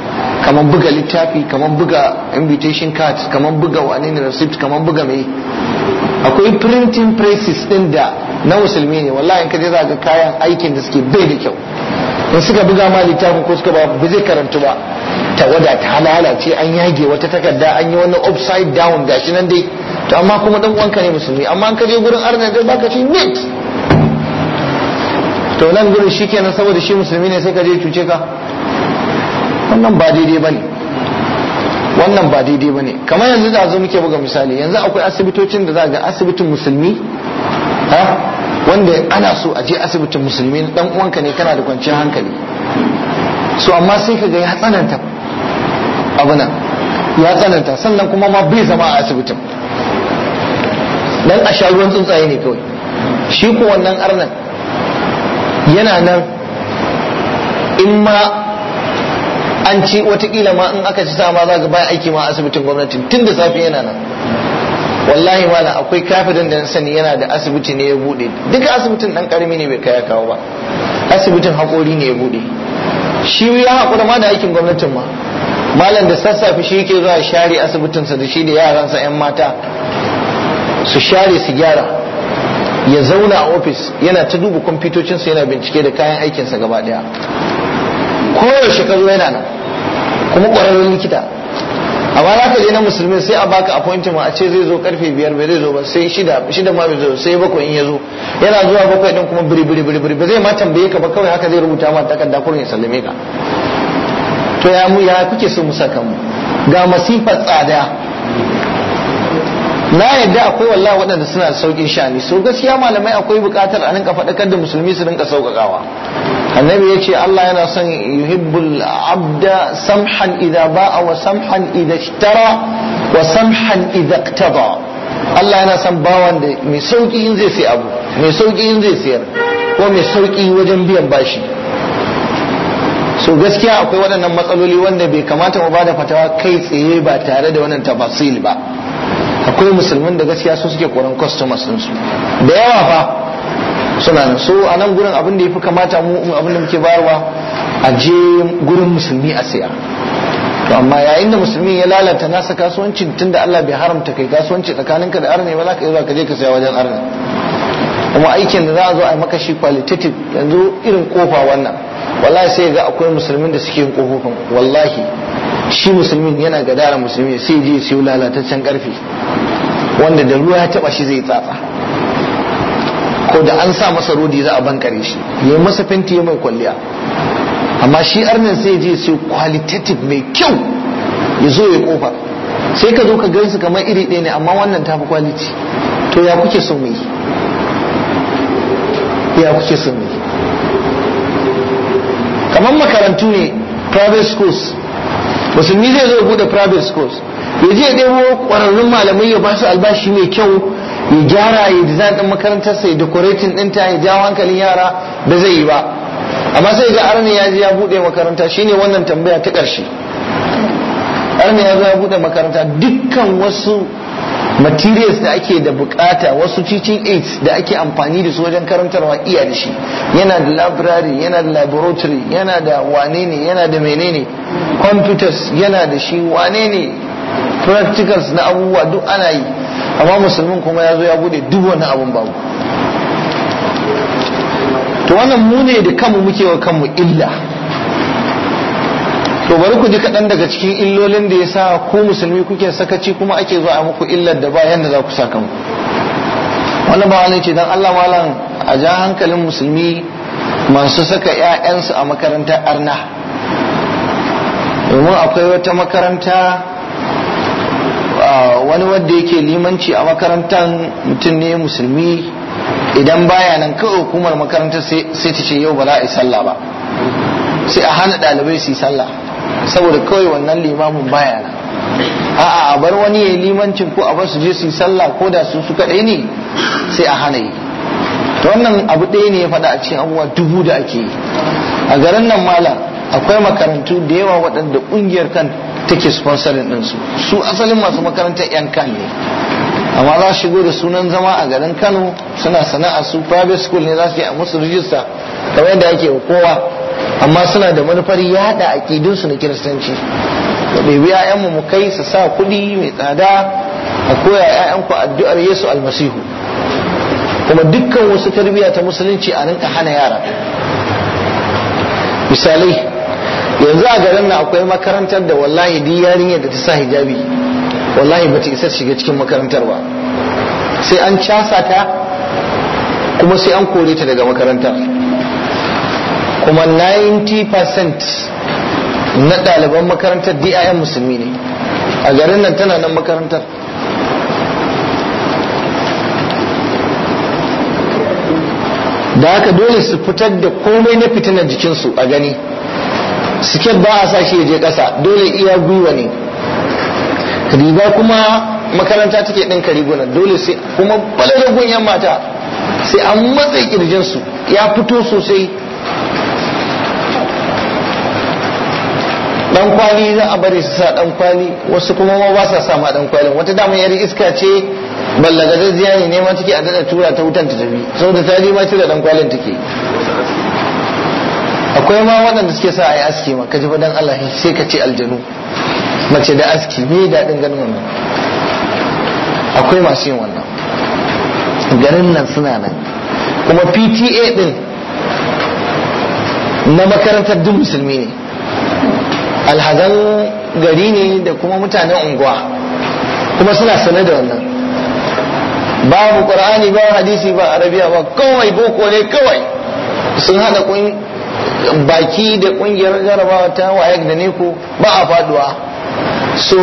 [SPEAKER 1] kamar buga littafi kamar buga invitation cards kamar buga wani receipt kamar buga mai akwai printing presses din da na musulmi ne wallahi in ka je za ga kayan aikin da suke bai da kyau in suka buga ma littafin ko suka ba ba zai karantu ba tawada ta halala ce an yage wata takarda an yi wani upside down gashi nan dai to amma kuma dan uwanka ne musulmi amma an kaje gurin arna ga baka shi net to nan gurin shikenan saboda shi musulmi ne sai ka je cuce ka wannan ba daidai bane wannan ba daidai ba ne kamar yanzu da zo muke buga misali yanzu akwai asibitocin da za ga asibitin musulmi wanda ana so a je asibitin musulmi dan uwanka ne kana da kwanciyar hankali so amma sai ka ga ya tsananta abuna ya tsananta sannan kuma ma bai zama a asibitin dan a sha ruwan tsuntsaye ne kawai shi ko wannan arnan yana nan in ma an ci watakila ma in aka ci sa ma za ka baya aiki ma asibitin gwamnati tun da safe yana nan wallahi mala akwai kafidan da sani yana da asibiti ne ya bude duka asibitin dan karami ne bai kaya kawo ba asibitin hakori ne ya bude shi ya hakura ma da aikin gwamnatin ma malam da sassafe shi yake zuwa share asibitinsa da shi da yaransa 'yan mata su share su gyara ya zauna a ofis yana ta duba kwamfutocinsa yana bincike da kayan aikinsa gaba daya koyaushe ka zo yana nan kuma ƙwararren likita a za ka je na musulmi sai a baka appointment a ce zai zo karfe biyar bai zai zo ba sai shida shida ma bai zo sai bakwai in ya zo yana zuwa bakwai din kuma biri biri biri ba zai ma tambaye ka ba kawai haka zai rubuta ma takarda kuma ya sallame ka to ya mu ya kuke so mu saka mu ga masifar tsada na yadda akwai wallahi waɗanda suna da saukin sha'ani so gaskiya malamai akwai buƙatar a rinka faɗakar da musulmi su rinka sauƙaƙawa annabi ya ce Allah yana son yuhibbul abda samhan idza ba'a wa samhan idza ishtara wa samhan idza iqtada Allah yana son bawan da mai sauki in zai sai abu mai sauki in zai sayar ko mai sauki wajen biyan bashi so gaskiya akwai waɗannan matsaloli wanda bai kamata mu bada fatawa kai tsaye ba tare da wannan tafasil ba akwai musulmin da gaskiya su suke koran customers din su da yawa fa suna nan so a nan gurin abin da ya fi kamata mu abin da muke bayarwa a je gurin musulmi a siya to amma yayin da musulmi ya lalata nasa kasuwancin tunda Allah bai haramta kai kasuwanci tsakaninka da arne ba za ka yi ka je ka saya wajen arne kuma aikin da za a zo a yi maka shi qualitative yanzu irin kofa wannan wallahi sai ga akwai musulmin da suke yin kofofin wallahi shi musulmin yana gadara musulmi sai je siyo lalataccen karfe wanda da ruwa ya taba shi zai tsatsa ko da an sa masa rodi za a bankare shi ya yi masa fenti ya mai kwalliya amma shi arnin sai je siyo qualitative mai kyau ya zo ya kofa sai ka zo ka gaisu kamar iri ɗaya ne amma wannan tafi kwaliti to ya kuke so mai ya kuke so mu kamar makarantu ne private schools musulmi zai zo bude private schools ya je mu kwararrun malamai ya ba su albashi mai kyau ya gyara ya design ɗin sai ya decorating ɗinta ya jawo hankalin yara da zai yi ba amma sai ga arni ya je ya bude makaranta shine wannan tambaya ta karshe arni ya zo ya bude makaranta dukkan wasu materials da ake da bukata wasu teaching aids da ake amfani da su wajen karantarwa iya da shi yana da library yana da laboratory yana da wane ne yana da menene computers yana da shi wane ne practicals na abubuwa duk ana yi amma musulmin kuma ya zo ya bude duk wani abun babu to wannan mu ne da kanmu muke wa kanmu illa to bari ku ji kaɗan daga cikin illolin da ya sa ku musulmi kuke sakaci kuma ake zuwa a muku illar da bayan da za ku saka mu wani ba wani ce dan Allah malam a ja hankalin musulmi masu saka 'ya'yansu a makarantar arna domin akwai wata makaranta ah, wani wanda yake limanci a makarantar mutum ne musulmi idan baya nan kawai hukumar makarantar sai ta ce yau ba za a yi sallah ba sai a hana ɗalibai su yi sallah saboda kawai wannan limamin baya na a'a a bar wani ya limancin ko a bar su je su yi sallah ko da su su kaɗai ne sai a hana yi to wannan abu ɗaya ne ya faɗa a cikin abubuwa dubu da ake yi a garin nan mala akwai makarantu da yawa waɗanda ƙungiyar kan take sponsorin ɗinsu su asalin masu makarantar 'yan kan ne amma za shigo da sunan zama a garin kano suna sana'a su private school ne za su yi a musu rijista kamar yadda ake wa kowa amma suna da manufar yada su na kiristanci da biya ‘ya'yanmu mu kai su sa kuɗi mai tsada a koya ‘ya'yanku addu'ar Yesu almasihu kuma dukkan wasu tarbiyya ta musulunci a rinka hana yara misalai yanzu a garin na akwai makarantar da wallahi duk yarinyar da ta sa hijabi wallahi ba ta isa shiga cikin makarantar ba sai an casa ta kuma sai an kore ta daga makarantar kuma 90% na ɗaliban makarantar DIM musulmi ne a garin nan tana nan makarantar da haka dole su fitar da komai na fitinar jikinsu a gani siket ba a sashi ya je ƙasa dole iya gwiwa ne kuma makaranta take ɗinka riguna dole sai kuma balaragun yan mata sai an matsa ƙirjinsu ya fito sosai dan kwali za a bari su sa dan kwali wasu kuma ma ba sa sa ma dan kwalin wata dama yari iska ce ballagajiya ne neman take a dada tura ta wutan ta tafi saboda ta ma da dan kwalin take akwai ma waɗanda suke sa ai aski ma kaji dan Allah sai ka ce aljanu mace da aski me daɗin ganin wannan akwai masu yin wannan garin nan suna nan kuma PTA din na makarantar duk musulmi ne alhazan gari ne da kuma mutanen unguwa kuma suna sane da wannan babu qur'ani ba hadisi ba arabiya ba kawai boko ne kawai sun hada kun baki da kungiyar jarabawa ta waye da ku ba a faduwa so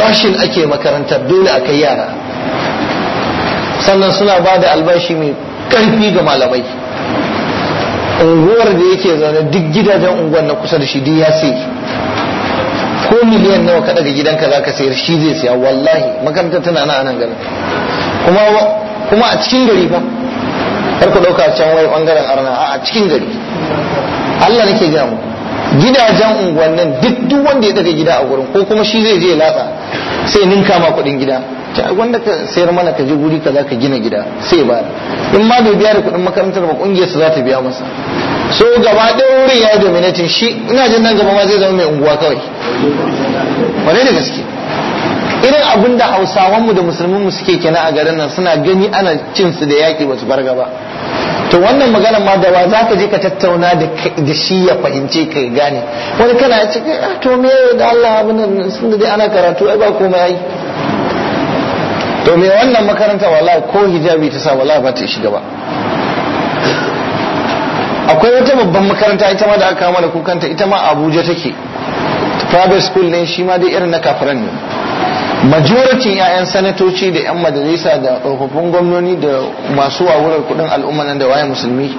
[SPEAKER 1] rashin ake makarantar dole a kai yara sannan suna ba da albashi mai karfi ga malamai unguwar da yake zaune duk gidajen unguwar na kusa da shi duk ya sai ko miliyan nawa ka daga gidanka za ka sayar shi zai siya wallahi makarantar tana na anan garin kuma kuma a cikin gari fa har ku dauka can wai bangaren arna a cikin gari Allah nake ga mu gidajen unguwannin duk duk wanda ya daga gida a gurin ko kuma shi zai je latsa sai ninka ma kuɗin gida wanda ka sayar mana ka je guri za ka gina gida sai ba in ma bai biya da kuɗin makarantar ba kungiyar su za ta biya masa so gaba ɗaya wurin ya yi dominatin shi ina jin nan gaba ma zai zama mai unguwa kawai wane da gaske irin abin da hausawanmu da musulmanmu suke kenan a garin nan suna gani ana cin su da yaƙi ba bar gaba to wannan magana ma da wa za ka je ka tattauna da shi ya fahimce ka gane wani kana ya ce ah, to me da Allah abin nan sun da dai ana karatu ai ba komai ai to me wannan makaranta wala ko hijabi ta sa wala ba ta shiga ba akwai wata babban makaranta ita ma da aka kama da kukanta ita ma abuja take private school ne shi ma dai irin na kafiran ne majority 'ya'yan sanatoci da 'yan majalisa da tsofaffin gwamnoni da masu wawurar kudin al'umma nan da waye musulmi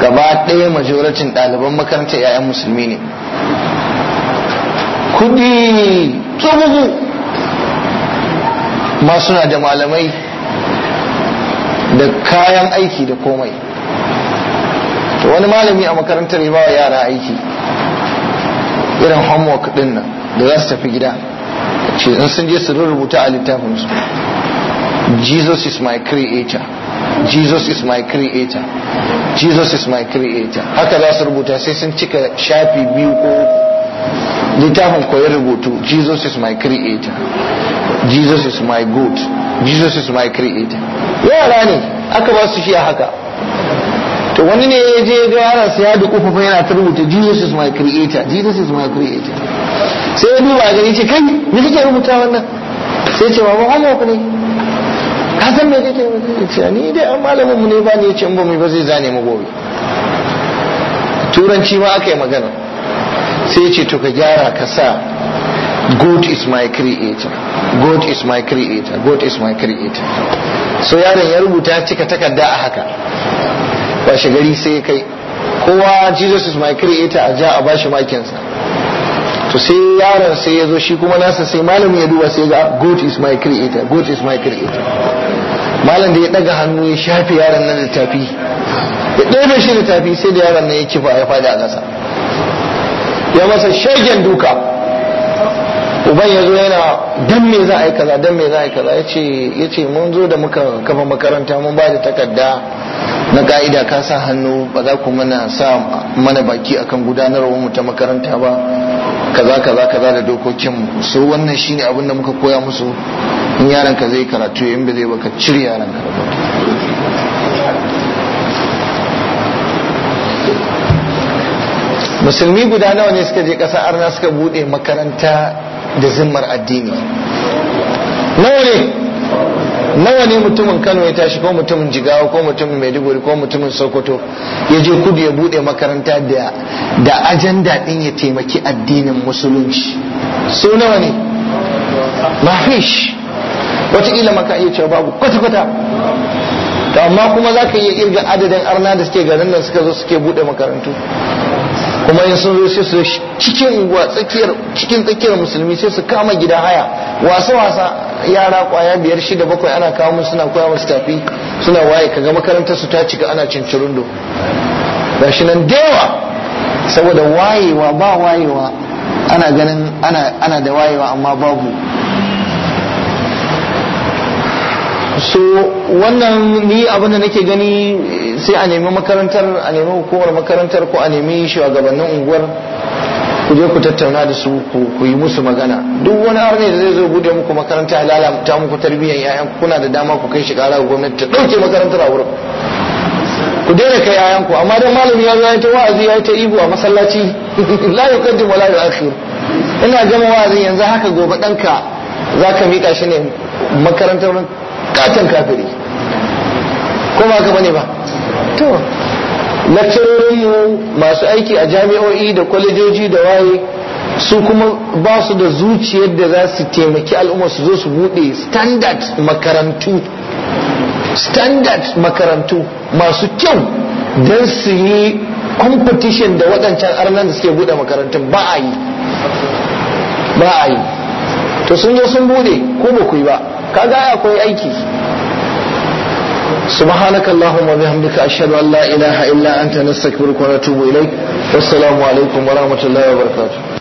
[SPEAKER 1] gaba ɗaya majority ɗaliban makaranta 'ya'yan musulmi ne kudi tsohuhu ma suna da malamai da kayan aiki da komai wani malami a makarantar ya bawa yara aiki irin homework din nan da za su tafi gida ce in sun je su rubuta a littafin su Jesus is my creator Jesus is my creator Jesus is my creator haka za su rubuta sai sun cika shafi biyu ko littafin koyar rubutu Jesus is my creator Jesus is my good Jesus is my creator yara ne aka ba su shi a haka to wani ne ya je ga yaron sai ya dukufa fa yana ta rubuta Jesus is my creator Jesus is my creator sai ya duba gari ce kai me kake rubuta wannan sai ce babu Allah ku ne ka san me kake rubuta ce ni dai an malamin mu ne ba ne ya ce in ba mu ba zai zane mu gobe turanci ma aka yi magana sai ya ce to ka gyara ka sa God is my creator God is my creator God is my creator so yaron ya rubuta cika takarda a haka washe gari sai ya kai kowa jesus is my creator a ja a bashi makinsa to sai yaron sai ya zo shi kuma nasa sai malam ya duba sai ga god is my creator god is my creator malam da ya daga hannu ya shafe yaron nan da tafi ya ɗaya shi da tafi sai da yaron nan ya kifa ya fada a ƙasa ya masa shagen duka uban ya zo yana dan me za a yi kaza dan me za a yi kaza ya ce mun zo da muka kafa makaranta mun ba da takarda na ka'ida ka sa hannu ba za ku mana sa mana baki akan gudanarwar mu ta makaranta ba kaza kaza kaza da dokokin mu so wannan shine abin da muka koya musu in yaron ka zai karatu in ba zai ba ka cire yaron ka musulmi guda nawa ne suka je ƙasa arna suka bude makaranta da zimmar addini nawa ne nawa ne mutumin Kano ya tashi ko mutumin Jigawa ko mutumin Maiduguri ko mutumin Sokoto ya je kudu ya bude makaranta da da ajanda din ya taimaki addinin musulunci so nawa ne mahish wataƙila maka iya cewa babu kwata-kwata to amma kuma za ka iya irga adadin arna da suke garin nan suka zo suke bude makarantu kuma in sun zo sai su cikin tsakiyar cikin tsakiyar musulmi sai su kama gida haya wasa wasa yara kwaya biyar shida bakwai ana kawo musu suna koya musu tafi suna waye kaga makarantar su ta cika ana cincirundo gashi nan dewa saboda wayewa ba wayewa ana ganin ana da wayewa amma babu so wannan ni abin da nake gani sai a nemi makarantar a nemi hukumar makarantar ko a nemi shugabannin unguwar ku je ku tattauna da su ku yi musu magana duk wani arne da zai zo bude muku makaranta lalata muku tarbiyyar yayan kuna da dama ku kai shiga kara gwamnati ta dauke makarantar a wurin ku daina kai yayan ku amma dan malami ya zo ta wa'azi ya ta ibu a masallaci la yuqaddimu wala yu'akhir ina gama wa'azi yanzu haka gobe danka zaka mika shi ne makarantar katon kafiri ko ba ka bane ba to lakcarorinmu masu aiki a jami'o'i da kwalejoji da waye su kuma ba su da zuciyar da za su taimaki al'umma su zo su bude standard makarantu standard makarantu masu kyau don su yi competition da waɗancan arnan da suke bude makarantun ba a yi ba a yi to sun zo sun bude ko ba ku yi ba kaga akwai aiki سبحانك اللهم وبحمدك أشهد أن لا إله إلا أنت نستغفرك ونتوب إليك والسلام عليكم
[SPEAKER 2] ورحمة الله وبركاته